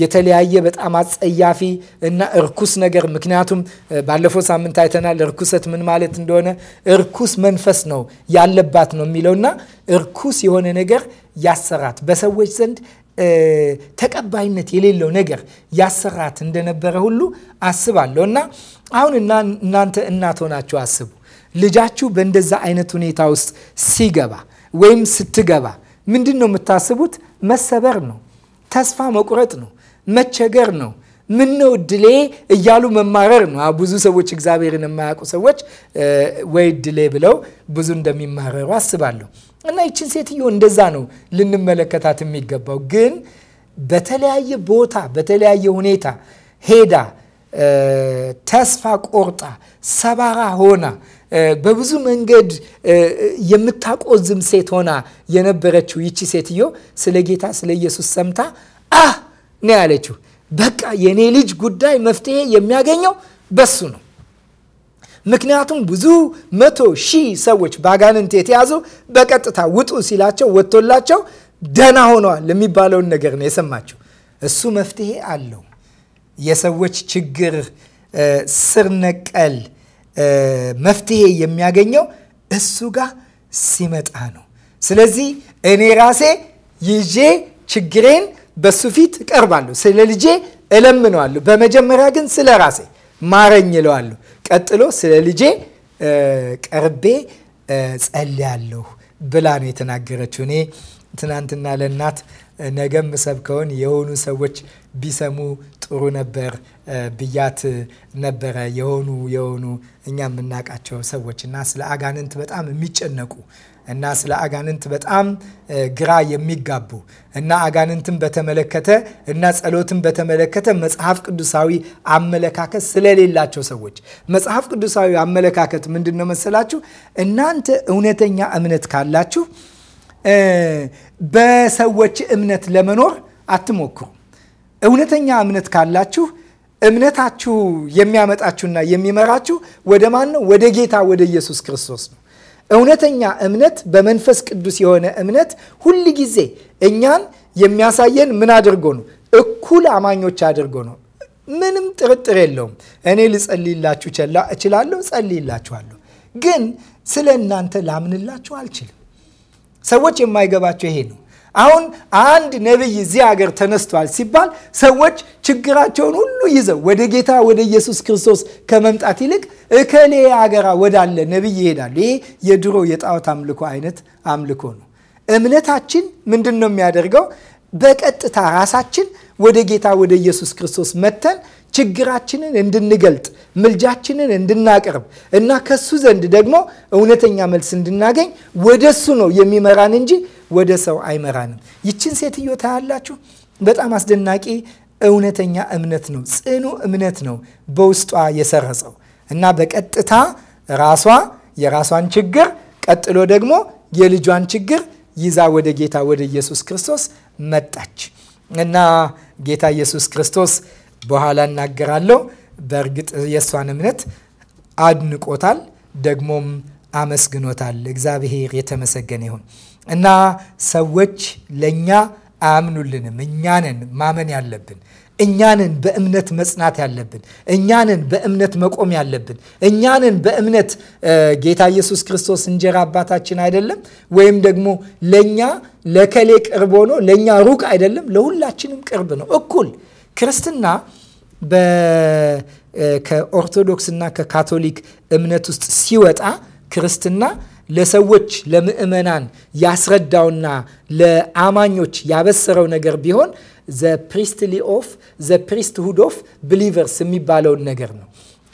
የተለያየ በጣም አጸያፊ እና እርኩስ ነገር ምክንያቱም ባለፈው ሳምንት አይተናል እርኩሰት ምን ማለት እንደሆነ እርኩስ መንፈስ ነው ያለባት ነው የሚለውና እርኩስ የሆነ ነገር ያሰራት በሰዎች ዘንድ ተቀባይነት የሌለው ነገር ያሰራት እንደነበረ ሁሉ አስባለሁ እና አሁን እናንተ እናት ሆናችሁ አስቡ። ልጃችሁ በእንደዛ አይነት ሁኔታ ውስጥ ሲገባ ወይም ስትገባ ምንድን ነው የምታስቡት? መሰበር ነው፣ ተስፋ መቁረጥ ነው፣ መቸገር ነው ምን ነው እድሌ እያሉ መማረር ነው። ብዙ ሰዎች እግዚአብሔርን የማያውቁ ሰዎች ወይ እድሌ ብለው ብዙ እንደሚማረሩ አስባለሁ። እና ይችን ሴትዮ እንደዛ ነው ልንመለከታት የሚገባው። ግን በተለያየ ቦታ በተለያየ ሁኔታ ሄዳ ተስፋ ቆርጣ ሰባራ ሆና በብዙ መንገድ የምታቆዝም ሴት ሆና የነበረችው ይቺ ሴትዮ ስለ ጌታ ስለ ኢየሱስ ሰምታ አህ ነው ያለችው። በቃ የእኔ ልጅ ጉዳይ መፍትሄ የሚያገኘው በሱ ነው ምክንያቱም ብዙ መቶ ሺህ ሰዎች በአጋንንት የተያዙ በቀጥታ ውጡ ሲላቸው ወጥቶላቸው ደህና ሆነዋል የሚባለውን ነገር ነው የሰማችው። እሱ መፍትሄ አለው። የሰዎች ችግር ስር ነቀል መፍትሄ የሚያገኘው እሱ ጋር ሲመጣ ነው። ስለዚህ እኔ ራሴ ይዤ ችግሬን በሱ ፊት እቀርባለሁ። ስለ ልጄ እለምነዋለሁ። በመጀመሪያ ግን ስለ ራሴ ማረኝ እለዋለሁ። ቀጥሎ ስለ ልጄ ቀርቤ ጸልያለሁ ብላ ነው የተናገረችው። እኔ ትናንትና ለእናት ነገ ምሰብከውን የሆኑ ሰዎች ቢሰሙ ጥሩ ነበር ብያት ነበረ። የሆኑ የሆኑ እኛ የምናውቃቸው ሰዎች እና ስለ አጋንንት በጣም የሚጨነቁ እና ስለ አጋንንት በጣም ግራ የሚጋቡ እና አጋንንትን በተመለከተ እና ጸሎትን በተመለከተ መጽሐፍ ቅዱሳዊ አመለካከት ስለሌላቸው ሰዎች መጽሐፍ ቅዱሳዊ አመለካከት ምንድን ነው መሰላችሁ? እናንተ እውነተኛ እምነት ካላችሁ በሰዎች እምነት ለመኖር አትሞክሩ። እውነተኛ እምነት ካላችሁ እምነታችሁ የሚያመጣችሁና የሚመራችሁ ወደ ማን ነው? ወደ ጌታ ወደ ኢየሱስ ክርስቶስ ነው። እውነተኛ እምነት በመንፈስ ቅዱስ የሆነ እምነት ሁል ጊዜ እኛን የሚያሳየን ምን አድርጎ ነው? እኩል አማኞች አድርጎ ነው። ምንም ጥርጥር የለውም። እኔ ልጸልይላችሁ እችላለሁ፣ ጸልይላችኋለሁ፣ ግን ስለ እናንተ ላምንላችሁ አልችልም። ሰዎች የማይገባቸው ይሄ ነው። አሁን አንድ ነቢይ እዚህ ሀገር ተነስቷል ሲባል ሰዎች ችግራቸውን ሁሉ ይዘው ወደ ጌታ ወደ ኢየሱስ ክርስቶስ ከመምጣት ይልቅ እከሌ ሀገራ ወዳለ ነቢይ ይሄዳሉ። ይሄ የድሮ የጣዖት አምልኮ አይነት አምልኮ ነው። እምነታችን ምንድን ነው የሚያደርገው? በቀጥታ ራሳችን ወደ ጌታ ወደ ኢየሱስ ክርስቶስ መተን ችግራችንን እንድንገልጥ ምልጃችንን እንድናቀርብ እና ከሱ ዘንድ ደግሞ እውነተኛ መልስ እንድናገኝ ወደሱ ነው የሚመራን እንጂ ወደ ሰው አይመራንም። ይችን ሴትዮ ታያላችሁ። በጣም አስደናቂ እውነተኛ እምነት ነው፣ ጽኑ እምነት ነው በውስጧ የሰረጸው እና በቀጥታ ራሷ የራሷን ችግር ቀጥሎ ደግሞ የልጇን ችግር ይዛ ወደ ጌታ ወደ ኢየሱስ ክርስቶስ መጣች እና ጌታ ኢየሱስ ክርስቶስ በኋላ እናገራለሁ። በእርግጥ የእሷን እምነት አድንቆታል፣ ደግሞም አመስግኖታል። እግዚአብሔር የተመሰገነ ይሁን እና ሰዎች ለእኛ አያምኑልንም። እኛንን ማመን ያለብን እኛንን በእምነት መጽናት ያለብን እኛንን በእምነት መቆም ያለብን እኛንን በእምነት ጌታ ኢየሱስ ክርስቶስ እንጀራ አባታችን አይደለም ወይም ደግሞ ለእኛ ለከሌ ቅርብ ሆኖ ለእኛ ሩቅ አይደለም፣ ለሁላችንም ቅርብ ነው። እኩል ክርስትና ከኦርቶዶክስና ከካቶሊክ እምነት ውስጥ ሲወጣ ክርስትና ለሰዎች ለምእመናን ያስረዳውና ለአማኞች ያበሰረው ነገር ቢሆን ዘ ፕሪስትሊ ኦፍ ዘ ፕሪስትሁድ ኦፍ ብሊቨርስ የሚባለውን ነገር ነው።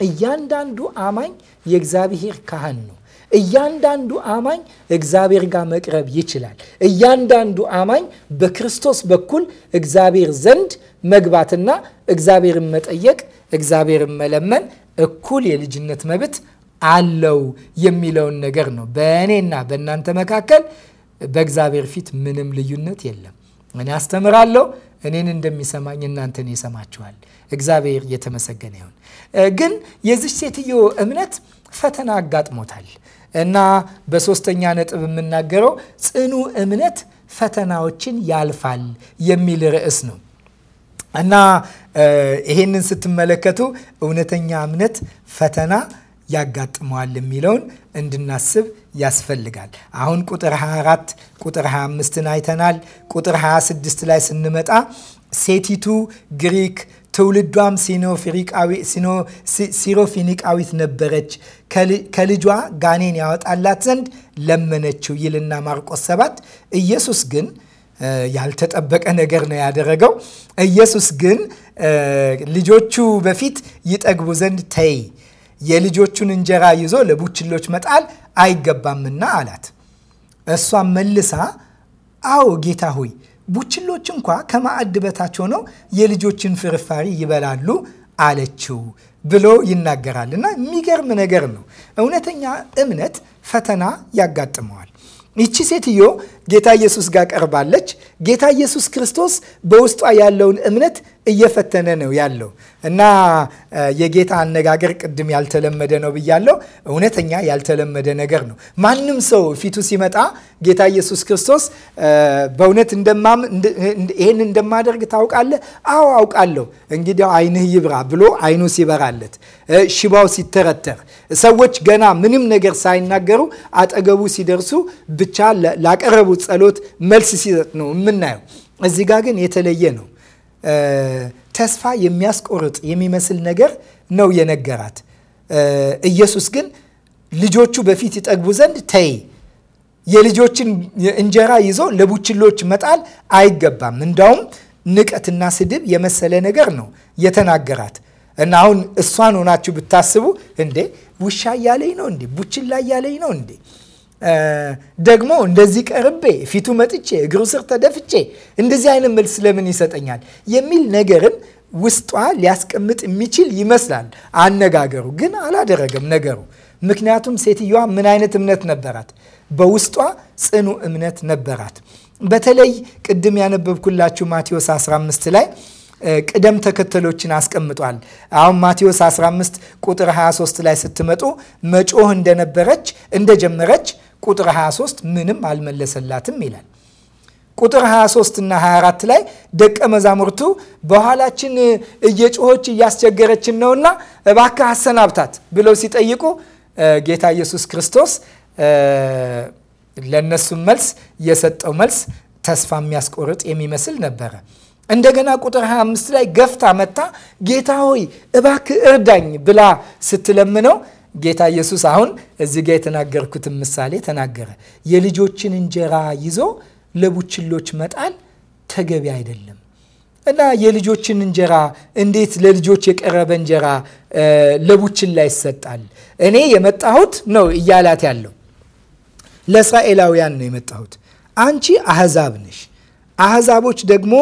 እያንዳንዱ አማኝ የእግዚአብሔር ካህን ነው። እያንዳንዱ አማኝ እግዚአብሔር ጋር መቅረብ ይችላል። እያንዳንዱ አማኝ በክርስቶስ በኩል እግዚአብሔር ዘንድ መግባትና እግዚአብሔርን መጠየቅ፣ እግዚአብሔርን መለመን እኩል የልጅነት መብት አለው የሚለውን ነገር ነው። በእኔና በእናንተ መካከል በእግዚአብሔር ፊት ምንም ልዩነት የለም። እኔ አስተምራለሁ፣ እኔን እንደሚሰማኝ እናንተን ይሰማችኋል። እግዚአብሔር የተመሰገነ ይሁን። ግን የዚች ሴትዮ እምነት ፈተና አጋጥሞታል እና በሶስተኛ ነጥብ የምናገረው ጽኑ እምነት ፈተናዎችን ያልፋል የሚል ርዕስ ነው። እና ይሄንን ስትመለከቱ እውነተኛ እምነት ፈተና ያጋጥመዋል የሚለውን እንድናስብ ያስፈልጋል። አሁን ቁጥር 24 ቁጥር 25ን አይተናል። ቁጥር 26 ላይ ስንመጣ ሴቲቱ ግሪክ ትውልዷም ሲሮፊኒቃዊት ነበረች፣ ከልጇ ጋኔን ያወጣላት ዘንድ ለመነችው ይልና ማርቆስ 7 ኢየሱስ ግን ያልተጠበቀ ነገር ነው ያደረገው። ኢየሱስ ግን ልጆቹ በፊት ይጠግቡ ዘንድ ተይ፣ የልጆቹን እንጀራ ይዞ ለቡችሎች መጣል አይገባምና አላት። እሷም መልሳ አዎ ጌታ ሆይ ቡችሎች እንኳ ከማዕድ በታች ሆነው የልጆችን ፍርፋሪ ይበላሉ አለችው ብሎ ይናገራል። እና የሚገርም ነገር ነው። እውነተኛ እምነት ፈተና ያጋጥመዋል። ይቺ ሴትዮ ጌታ ኢየሱስ ጋር ቀርባለች። ጌታ ኢየሱስ ክርስቶስ በውስጧ ያለውን እምነት እየፈተነ ነው ያለው እና የጌታ አነጋገር ቅድም ያልተለመደ ነው ብያለው። እውነተኛ ያልተለመደ ነገር ነው። ማንም ሰው ፊቱ ሲመጣ ጌታ ኢየሱስ ክርስቶስ በእውነት ይህን እንደማደርግ ታውቃለህ? አዎ አውቃለሁ። እንግዲያው ዓይንህ ይብራ ብሎ ዓይኑ ሲበራለት፣ ሽባው ሲተረተር፣ ሰዎች ገና ምንም ነገር ሳይናገሩ አጠገቡ ሲደርሱ ብቻ ላቀረቡ ጸሎት መልስ ሲሰጥ ነው የምናየው። እዚህ ጋር ግን የተለየ ነው። ተስፋ የሚያስቆርጥ የሚመስል ነገር ነው የነገራት። ኢየሱስ ግን ልጆቹ በፊት ይጠግቡ ዘንድ ተይ የልጆችን እንጀራ ይዞ ለቡችሎች መጣል አይገባም። እንዳውም ንቀትና ስድብ የመሰለ ነገር ነው የተናገራት እና አሁን እሷን ሆናችሁ ብታስቡ እንዴ ውሻ እያለኝ ነው እንዴ ቡችላ እያለኝ ነው እንዴ ደግሞ እንደዚህ ቀርቤ ፊቱ መጥቼ እግሩ ስር ተደፍቼ እንደዚህ አይነት መልስ ለምን ይሰጠኛል የሚል ነገርን ውስጧ ሊያስቀምጥ የሚችል ይመስላል አነጋገሩ። ግን አላደረገም ነገሩ። ምክንያቱም ሴትዮዋ ምን አይነት እምነት ነበራት? በውስጧ ጽኑ እምነት ነበራት። በተለይ ቅድም ያነበብኩላችሁ ማቴዎስ 15 ላይ ቅደም ተከተሎችን አስቀምጧል። አሁን ማቴዎስ 15 ቁጥር 23 ላይ ስትመጡ መጮህ እንደነበረች እንደጀመረች ቁጥር 23 ምንም አልመለሰላትም ይላል። ቁጥር 23 እና 24 ላይ ደቀ መዛሙርቱ በኋላችን እየጮሆች እያስቸገረችን ነውና እባክህ አሰናብታት ብለው ሲጠይቁ ጌታ ኢየሱስ ክርስቶስ ለእነሱም መልስ የሰጠው መልስ ተስፋ የሚያስቆርጥ የሚመስል ነበረ። እንደገና ቁጥር 25 ላይ ገፍታ መታ ጌታ ሆይ እባክህ እርዳኝ ብላ ስትለምነው ጌታ ኢየሱስ አሁን እዚህ ጋር የተናገርኩትን ምሳሌ ተናገረ። የልጆችን እንጀራ ይዞ ለቡችሎች መጣል ተገቢ አይደለም እና የልጆችን እንጀራ እንዴት ለልጆች የቀረበ እንጀራ ለቡችላ ይሰጣል? እኔ የመጣሁት ነው እያላት ያለው ለእስራኤላውያን ነው የመጣሁት። አንቺ አህዛብ ነሽ። አህዛቦች ደግሞ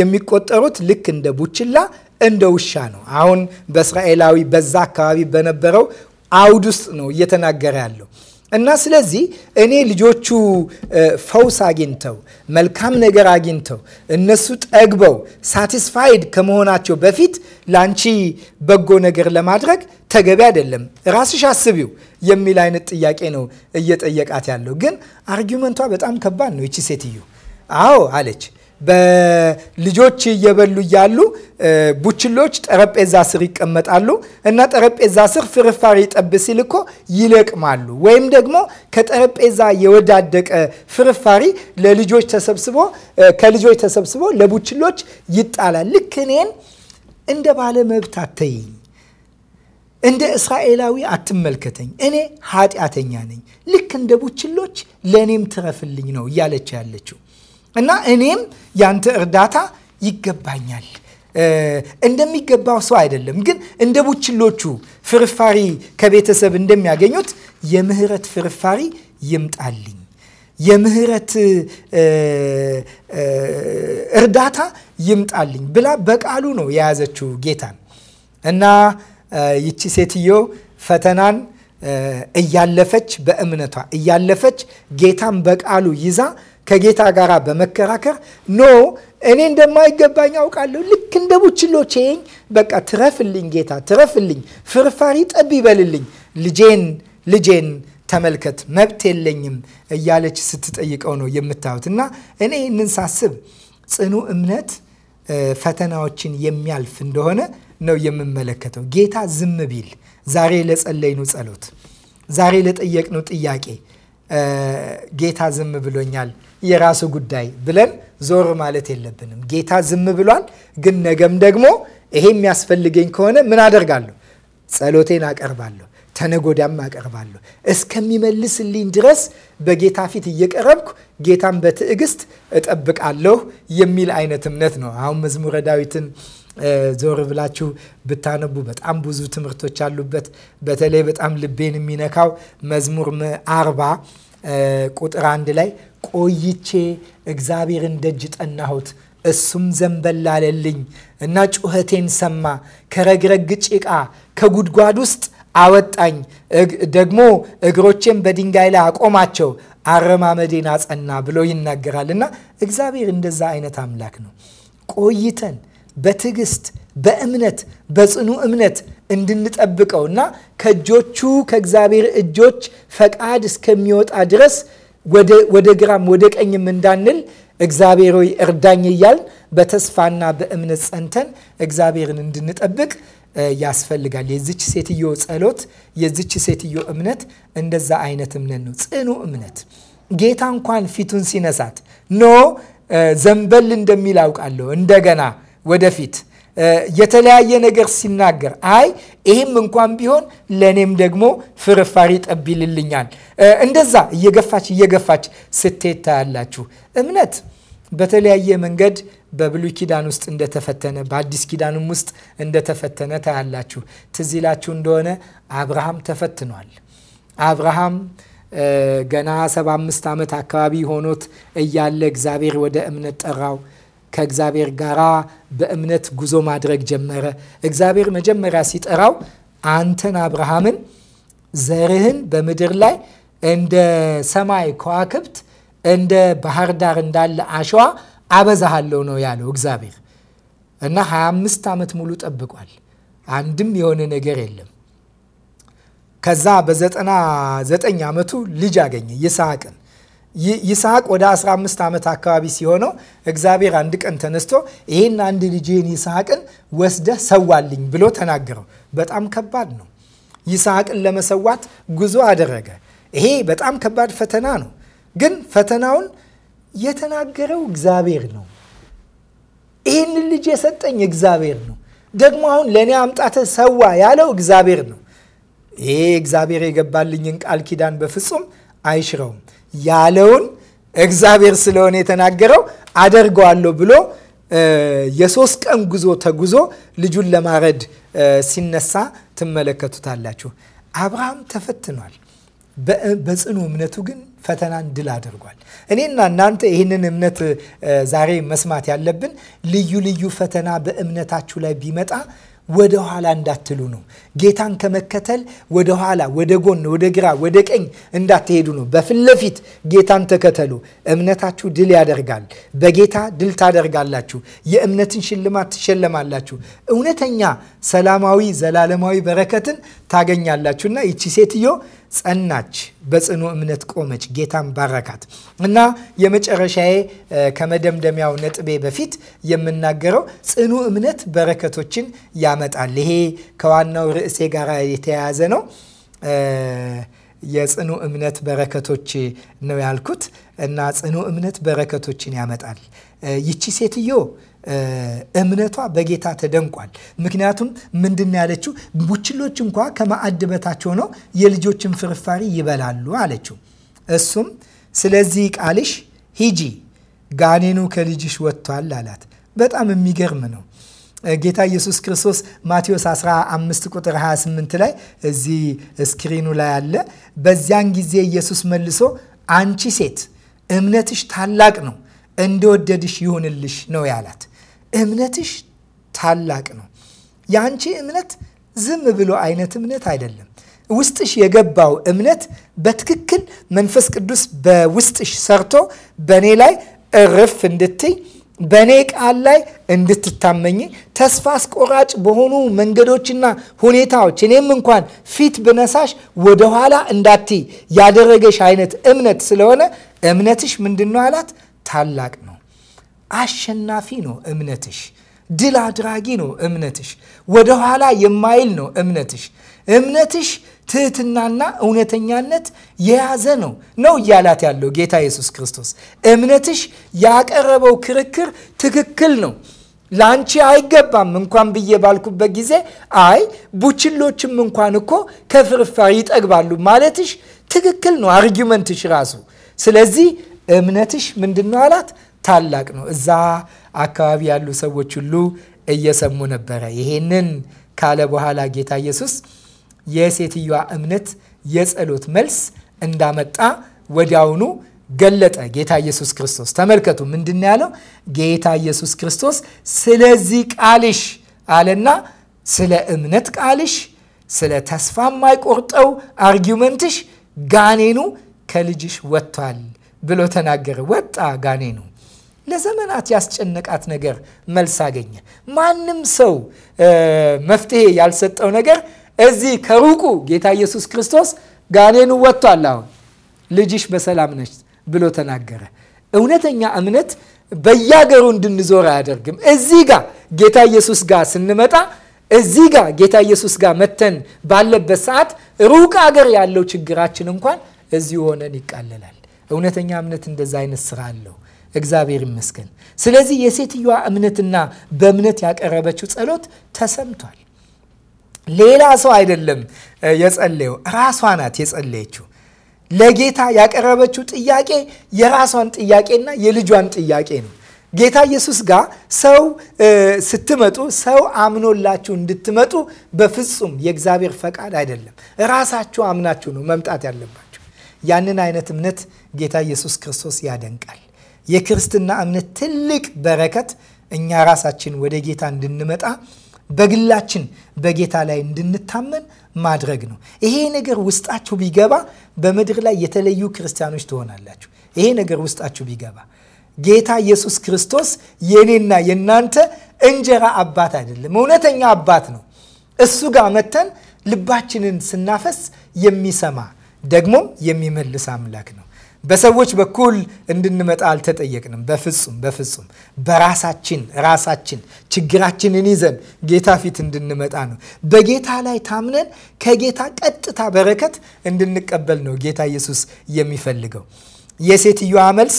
የሚቆጠሩት ልክ እንደ ቡችላ እንደ ውሻ ነው። አሁን በእስራኤላዊ በዛ አካባቢ በነበረው አውድ ውስጥ ነው እየተናገረ ያለው እና ስለዚህ እኔ ልጆቹ ፈውስ አግኝተው መልካም ነገር አግኝተው እነሱ ጠግበው ሳቲስፋይድ ከመሆናቸው በፊት ለአንቺ በጎ ነገር ለማድረግ ተገቢ አይደለም፣ ራስሽ አስቢው የሚል አይነት ጥያቄ ነው እየጠየቃት ያለው። ግን አርጊመንቷ በጣም ከባድ ነው። ይቺ ሴትዮ አዎ አለች በልጆች እየበሉ እያሉ ቡችሎች ጠረጴዛ ስር ይቀመጣሉ እና ጠረጴዛ ስር ፍርፋሪ ጠብ ሲል እኮ ይለቅማሉ። ወይም ደግሞ ከጠረጴዛ የወዳደቀ ፍርፋሪ ለልጆች ተሰብስቦ ከልጆች ተሰብስቦ ለቡችሎች ይጣላል። ልክ እኔን እንደ ባለ መብት አተይኝ፣ እንደ እስራኤላዊ አትመልከተኝ። እኔ ኃጢአተኛ ነኝ። ልክ እንደ ቡችሎች ለእኔም ትረፍልኝ ነው እያለች ያለችው እና እኔም ያንተ እርዳታ ይገባኛል። እንደሚገባው ሰው አይደለም፣ ግን እንደ ቡችሎቹ ፍርፋሪ ከቤተሰብ እንደሚያገኙት የምህረት ፍርፋሪ ይምጣልኝ። የምህረት እርዳታ ይምጣልኝ ብላ በቃሉ ነው የያዘችው ጌታን እና ይቺ ሴትዮ ፈተናን እያለፈች በእምነቷ እያለፈች ጌታን በቃሉ ይዛ ከጌታ ጋር በመከራከር ኖ እኔ እንደማይገባኝ አውቃለሁ። ልክ እንደ ቡችሎቼኝ በቃ ትረፍልኝ ጌታ ትረፍልኝ፣ ፍርፋሪ ጠብ ይበልልኝ፣ ልጄን ልጄን ተመልከት፣ መብት የለኝም እያለች ስትጠይቀው ነው የምታዩት። እና እኔ ይህንን ሳስብ ጽኑ እምነት ፈተናዎችን የሚያልፍ እንደሆነ ነው የምመለከተው። ጌታ ዝም ቢል ዛሬ ለጸለይኑ ጸሎት፣ ዛሬ ለጠየቅነው ጥያቄ ጌታ ዝም ብሎኛል የራሱ ጉዳይ ብለን ዞር ማለት የለብንም። ጌታ ዝም ብሏል፣ ግን ነገም ደግሞ ይሄ የሚያስፈልገኝ ከሆነ ምን አደርጋለሁ? ጸሎቴን አቀርባለሁ፣ ተነጎዳም አቀርባለሁ። እስከሚመልስልኝ ድረስ በጌታ ፊት እየቀረብኩ ጌታን በትዕግስት እጠብቃለሁ የሚል አይነት እምነት ነው። አሁን መዝሙረ ዳዊትን ዞር ብላችሁ ብታነቡ በጣም ብዙ ትምህርቶች አሉበት። በተለይ በጣም ልቤን የሚነካው መዝሙር አርባ ቁጥር አንድ ላይ ቆይቼ እግዚአብሔርን ደጅ ጠናሁት እሱም ዘንበል አለልኝ እና ጩኸቴን ሰማ፣ ከረግረግ ጭቃ ከጉድጓድ ውስጥ አወጣኝ። ደግሞ እግሮቼን በድንጋይ ላይ አቆማቸው፣ አረማመዴን አጸና ብሎ ይናገራል እና እግዚአብሔር እንደዛ አይነት አምላክ ነው። ቆይተን በትዕግስት በእምነት በጽኑ እምነት እንድንጠብቀው እና ከእጆቹ ከእግዚአብሔር እጆች ፈቃድ እስከሚወጣ ድረስ ወደ ግራም ወደ ቀኝም እንዳንል እግዚአብሔር ሆይ እርዳኝ እያል በተስፋና በእምነት ጸንተን እግዚአብሔርን እንድንጠብቅ ያስፈልጋል። የዚች ሴትዮ ጸሎት፣ የዚች ሴትዮ እምነት እንደዛ አይነት እምነት ነው። ጽኑ እምነት ጌታ እንኳን ፊቱን ሲነሳት ኖ ዘንበል እንደሚል አውቃለሁ እንደገና ወደፊት የተለያየ ነገር ሲናገር አይ ይህም እንኳን ቢሆን ለእኔም ደግሞ ፍርፋሪ ጠብ ይልልኛል። እንደዛ እየገፋች እየገፋች ስትሄድ ታያላችሁ። እምነት በተለያየ መንገድ በብሉይ ኪዳን ውስጥ እንደተፈተነ በአዲስ ኪዳንም ውስጥ እንደተፈተነ ታያላችሁ። ትዚላችሁ እንደሆነ አብርሃም ተፈትኗል። አብርሃም ገና 75 ዓመት አካባቢ ሆኖት እያለ እግዚአብሔር ወደ እምነት ጠራው። ከእግዚአብሔር ጋር በእምነት ጉዞ ማድረግ ጀመረ። እግዚአብሔር መጀመሪያ ሲጠራው አንተን አብርሃምን ዘርህን በምድር ላይ እንደ ሰማይ ከዋክብት እንደ ባህር ዳር እንዳለ አሸዋ አበዛሃለሁ ነው ያለው እግዚአብሔር እና 25 ዓመት ሙሉ ጠብቋል። አንድም የሆነ ነገር የለም። ከዛ በ99 ዓመቱ ልጅ አገኘ ይስሐቅን። ይስሐቅ ወደ 15 ዓመት አካባቢ ሲሆነው እግዚአብሔር አንድ ቀን ተነስቶ ይህን አንድ ልጅን ይስሐቅን ወስደህ ሰዋልኝ ብሎ ተናገረው። በጣም ከባድ ነው። ይስሐቅን ለመሰዋት ጉዞ አደረገ። ይሄ በጣም ከባድ ፈተና ነው። ግን ፈተናውን የተናገረው እግዚአብሔር ነው። ይህን ልጅ የሰጠኝ እግዚአብሔር ነው። ደግሞ አሁን ለእኔ አምጣተህ ሰዋ ያለው እግዚአብሔር ነው። ይሄ እግዚአብሔር የገባልኝን ቃል ኪዳን በፍጹም አይሽረውም። ያለውን እግዚአብሔር ስለሆነ የተናገረው አደርገዋለሁ ብሎ የሶስት ቀን ጉዞ ተጉዞ ልጁን ለማረድ ሲነሳ ትመለከቱታላችሁ። አብርሃም ተፈትኗል። በጽኑ እምነቱ ግን ፈተናን ድል አድርጓል። እኔና እናንተ ይህንን እምነት ዛሬ መስማት ያለብን ልዩ ልዩ ፈተና በእምነታችሁ ላይ ቢመጣ ወደ ኋላ እንዳትሉ ነው። ጌታን ከመከተል ወደ ኋላ፣ ወደ ጎን፣ ወደ ግራ፣ ወደ ቀኝ እንዳትሄዱ ነው። በፊት ለፊት ጌታን ተከተሉ። እምነታችሁ ድል ያደርጋል። በጌታ ድል ታደርጋላችሁ። የእምነትን ሽልማት ትሸለማላችሁ። እውነተኛ ሰላማዊ ዘላለማዊ በረከትን ታገኛላችሁና ይቺ ሴትዮ ጸናች፣ በጽኑ እምነት ቆመች፣ ጌታን ባረካት። እና የመጨረሻዬ ከመደምደሚያው ነጥቤ በፊት የምናገረው ጽኑ እምነት በረከቶችን ያመጣል። ይሄ ከዋናው ከርዕሴ ጋር የተያያዘ ነው። የጽኑ እምነት በረከቶች ነው ያልኩት እና ጽኑ እምነት በረከቶችን ያመጣል። ይቺ ሴትዮ እምነቷ በጌታ ተደንቋል። ምክንያቱም ምንድን ያለችው ቡችሎች እንኳ ከማዕድ በታች ሆነው የልጆችን ፍርፋሪ ይበላሉ አለችው። እሱም ስለዚህ ቃልሽ ሂጂ፣ ጋኔኑ ከልጅሽ ወጥቷል አላት። በጣም የሚገርም ነው። ጌታ ኢየሱስ ክርስቶስ ማቴዎስ 15 ቁጥር 28 ላይ እዚህ ስክሪኑ ላይ አለ። በዚያን ጊዜ ኢየሱስ መልሶ አንቺ ሴት እምነትሽ ታላቅ ነው፣ እንደወደድሽ ይሁንልሽ ነው ያላት። እምነትሽ ታላቅ ነው። የአንቺ እምነት ዝም ብሎ አይነት እምነት አይደለም። ውስጥሽ የገባው እምነት በትክክል መንፈስ ቅዱስ በውስጥሽ ሰርቶ በእኔ ላይ እርፍ እንድትይ በእኔ ቃል ላይ እንድትታመኝ ተስፋ አስቆራጭ በሆኑ መንገዶችና ሁኔታዎች እኔም እንኳን ፊት ብነሳሽ ወደኋላ እንዳትይ ያደረገሽ አይነት እምነት ስለሆነ እምነትሽ ምንድን ነው አላት። ታላቅ ነው። አሸናፊ ነው እምነትሽ። ድል አድራጊ ነው እምነትሽ። ወደኋላ የማይል ነው እምነትሽ እምነትሽ ትህትናና እውነተኛነት የያዘ ነው ነው እያላት ያለው ጌታ ኢየሱስ ክርስቶስ። እምነትሽ ያቀረበው ክርክር ትክክል ነው ለአንቺ አይገባም እንኳን ብዬ ባልኩበት ጊዜ አይ ቡችሎችም እንኳን እኮ ከፍርፋሪ ይጠግባሉ ማለትሽ ትክክል ነው፣ አርጊመንትሽ ራሱ። ስለዚህ እምነትሽ ምንድን ነው አላት። ታላቅ ነው። እዛ አካባቢ ያሉ ሰዎች ሁሉ እየሰሙ ነበረ። ይሄንን ካለ በኋላ ጌታ ኢየሱስ የሴትዮዋ እምነት የጸሎት መልስ እንዳመጣ ወዲያውኑ ገለጠ ጌታ ኢየሱስ ክርስቶስ። ተመልከቱ ምንድን ያለው ጌታ ኢየሱስ ክርስቶስ ስለዚህ ቃልሽ አለና ስለ እምነት ቃልሽ፣ ስለ ተስፋ የማይቆርጠው አርጊመንትሽ ጋኔኑ ከልጅሽ ወጥቷል ብሎ ተናገረ። ወጣ ጋኔኑ። ለዘመናት ያስጨነቃት ነገር መልስ አገኘ። ማንም ሰው መፍትሄ ያልሰጠው ነገር እዚህ ከሩቁ ጌታ ኢየሱስ ክርስቶስ ጋኔኑ ወጥቷል፣ አሁን ልጅሽ በሰላም ነች ብሎ ተናገረ። እውነተኛ እምነት በያገሩ እንድንዞር አያደርግም። እዚህ ጋር ጌታ ኢየሱስ ጋር ስንመጣ እዚህ ጋር ጌታ ኢየሱስ ጋር መተን ባለበት ሰዓት ሩቅ አገር ያለው ችግራችን እንኳን እዚሁ ሆነን ይቃለላል። እውነተኛ እምነት እንደዛ አይነት ስራ አለው። እግዚአብሔር ይመስገን። ስለዚህ የሴትዮዋ እምነትና በእምነት ያቀረበችው ጸሎት ተሰምቷል። ሌላ ሰው አይደለም የጸለየው፣ ራሷ ናት የጸለየችው። ለጌታ ያቀረበችው ጥያቄ የራሷን ጥያቄና የልጇን ጥያቄ ነው። ጌታ ኢየሱስ ጋር ሰው ስትመጡ ሰው አምኖላችሁ እንድትመጡ በፍጹም የእግዚአብሔር ፈቃድ አይደለም። ራሳችሁ አምናችሁ ነው መምጣት ያለባችሁ። ያንን አይነት እምነት ጌታ ኢየሱስ ክርስቶስ ያደንቃል። የክርስትና እምነት ትልቅ በረከት እኛ ራሳችን ወደ ጌታ እንድንመጣ በግላችን በጌታ ላይ እንድንታመን ማድረግ ነው። ይሄ ነገር ውስጣችሁ ቢገባ በምድር ላይ የተለዩ ክርስቲያኖች ትሆናላችሁ። ይሄ ነገር ውስጣችሁ ቢገባ ጌታ ኢየሱስ ክርስቶስ የኔና የናንተ እንጀራ አባት አይደለም፣ እውነተኛ አባት ነው። እሱ ጋር መተን ልባችንን ስናፈስ የሚሰማ ደግሞም የሚመልስ አምላክ ነው። በሰዎች በኩል እንድንመጣ አልተጠየቅንም። በፍጹም በፍጹም በራሳችን ራሳችን ችግራችንን ይዘን ጌታ ፊት እንድንመጣ ነው። በጌታ ላይ ታምነን ከጌታ ቀጥታ በረከት እንድንቀበል ነው ጌታ ኢየሱስ የሚፈልገው። የሴትዮዋ መልስ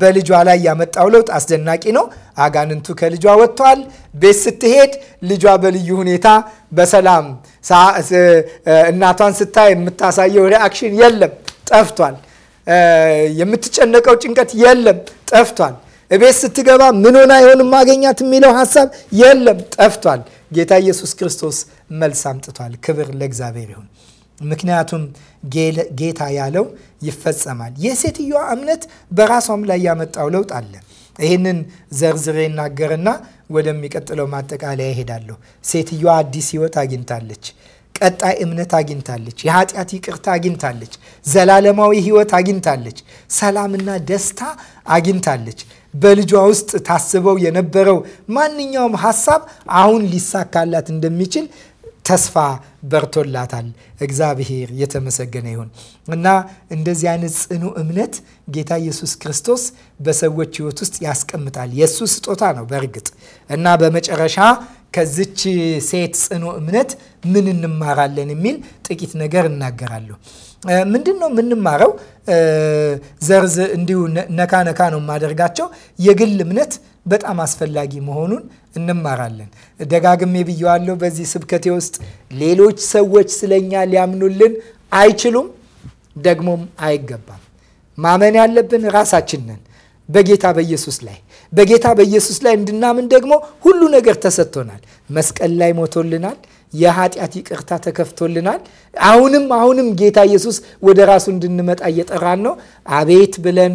በልጇ ላይ ያመጣው ለውጥ አስደናቂ ነው። አጋንንቱ ከልጇ ወጥቷል። ቤት ስትሄድ ልጇ በልዩ ሁኔታ በሰላም እናቷን ስታይ የምታሳየው ሪአክሽን የለም፣ ጠፍቷል። የምትጨነቀው ጭንቀት የለም፣ ጠፍቷል። እቤት ስትገባ ምን ሆና ይሆን ማገኛት የሚለው ሀሳብ የለም፣ ጠፍቷል። ጌታ ኢየሱስ ክርስቶስ መልስ አምጥቷል። ክብር ለእግዚአብሔር ይሁን። ምክንያቱም ጌታ ያለው ይፈጸማል። የሴትዮዋ እምነት በራሷም ላይ ያመጣው ለውጥ አለ። ይህንን ዘርዝሬ እናገርና ወደሚቀጥለው ማጠቃለያ ይሄዳለሁ። ሴትዮዋ አዲስ ህይወት አግኝታለች። ቀጣይ እምነት አግኝታለች። የኃጢአት ይቅርታ አግኝታለች። ዘላለማዊ ሕይወት አግኝታለች። ሰላምና ደስታ አግኝታለች። በልጇ ውስጥ ታስበው የነበረው ማንኛውም ሀሳብ አሁን ሊሳካላት እንደሚችል ተስፋ በርቶላታል። እግዚአብሔር የተመሰገነ ይሁን እና እንደዚህ አይነት ጽኑ እምነት ጌታ ኢየሱስ ክርስቶስ በሰዎች ህይወት ውስጥ ያስቀምጣል። የእሱ ስጦታ ነው በእርግጥ እና በመጨረሻ ከዚች ሴት ጽኑ እምነት ምን እንማራለን የሚል ጥቂት ነገር እናገራለሁ። ምንድን ነው የምንማረው? ዘርዝ እንዲሁ ነካ ነካ ነው የማደርጋቸው። የግል እምነት በጣም አስፈላጊ መሆኑን እንማራለን። ደጋግሜ ብየዋለሁ በዚህ ስብከቴ ውስጥ ሌሎች ሰዎች ስለኛ ሊያምኑልን አይችሉም፣ ደግሞም አይገባም። ማመን ያለብን ራሳችን ነን በጌታ በኢየሱስ ላይ በጌታ በኢየሱስ ላይ እንድናምን ደግሞ ሁሉ ነገር ተሰጥቶናል። መስቀል ላይ ሞቶልናል። የኃጢአት ይቅርታ ተከፍቶልናል። አሁንም አሁንም ጌታ ኢየሱስ ወደ ራሱ እንድንመጣ እየጠራን ነው። አቤት ብለን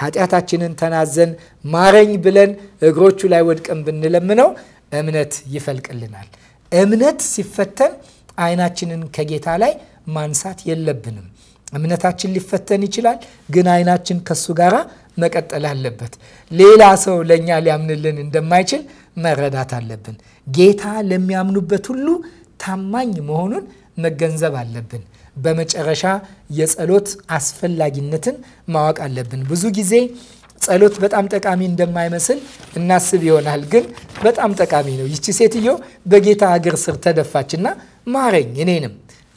ኃጢአታችንን ተናዘን ማረኝ ብለን እግሮቹ ላይ ወድቀን ብንለምነው እምነት ይፈልቅልናል። እምነት ሲፈተን አይናችንን ከጌታ ላይ ማንሳት የለብንም። እምነታችን ሊፈተን ይችላል፣ ግን አይናችን ከሱ ጋራ መቀጠል አለበት። ሌላ ሰው ለእኛ ሊያምንልን እንደማይችል መረዳት አለብን። ጌታ ለሚያምኑበት ሁሉ ታማኝ መሆኑን መገንዘብ አለብን። በመጨረሻ የጸሎት አስፈላጊነትን ማወቅ አለብን። ብዙ ጊዜ ጸሎት በጣም ጠቃሚ እንደማይመስል እናስብ ይሆናል፣ ግን በጣም ጠቃሚ ነው። ይቺ ሴትዮ በጌታ እግር ስር ተደፋች ና ማረኝ፣ እኔንም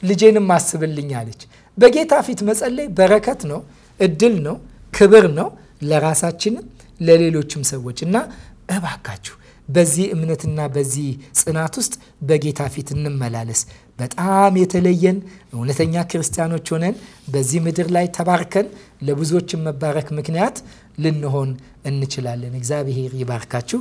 ልጄንም አስብልኝ አለች። በጌታ ፊት መጸለይ በረከት ነው፣ እድል ነው፣ ክብር ነው። ለራሳችንም ለሌሎችም ሰዎች እና እባካችሁ በዚህ እምነትና በዚህ ጽናት ውስጥ በጌታ ፊት እንመላለስ። በጣም የተለየን እውነተኛ ክርስቲያኖች ሆነን በዚህ ምድር ላይ ተባርከን ለብዙዎችን መባረክ ምክንያት ልንሆን እንችላለን። እግዚአብሔር ይባርካችሁ።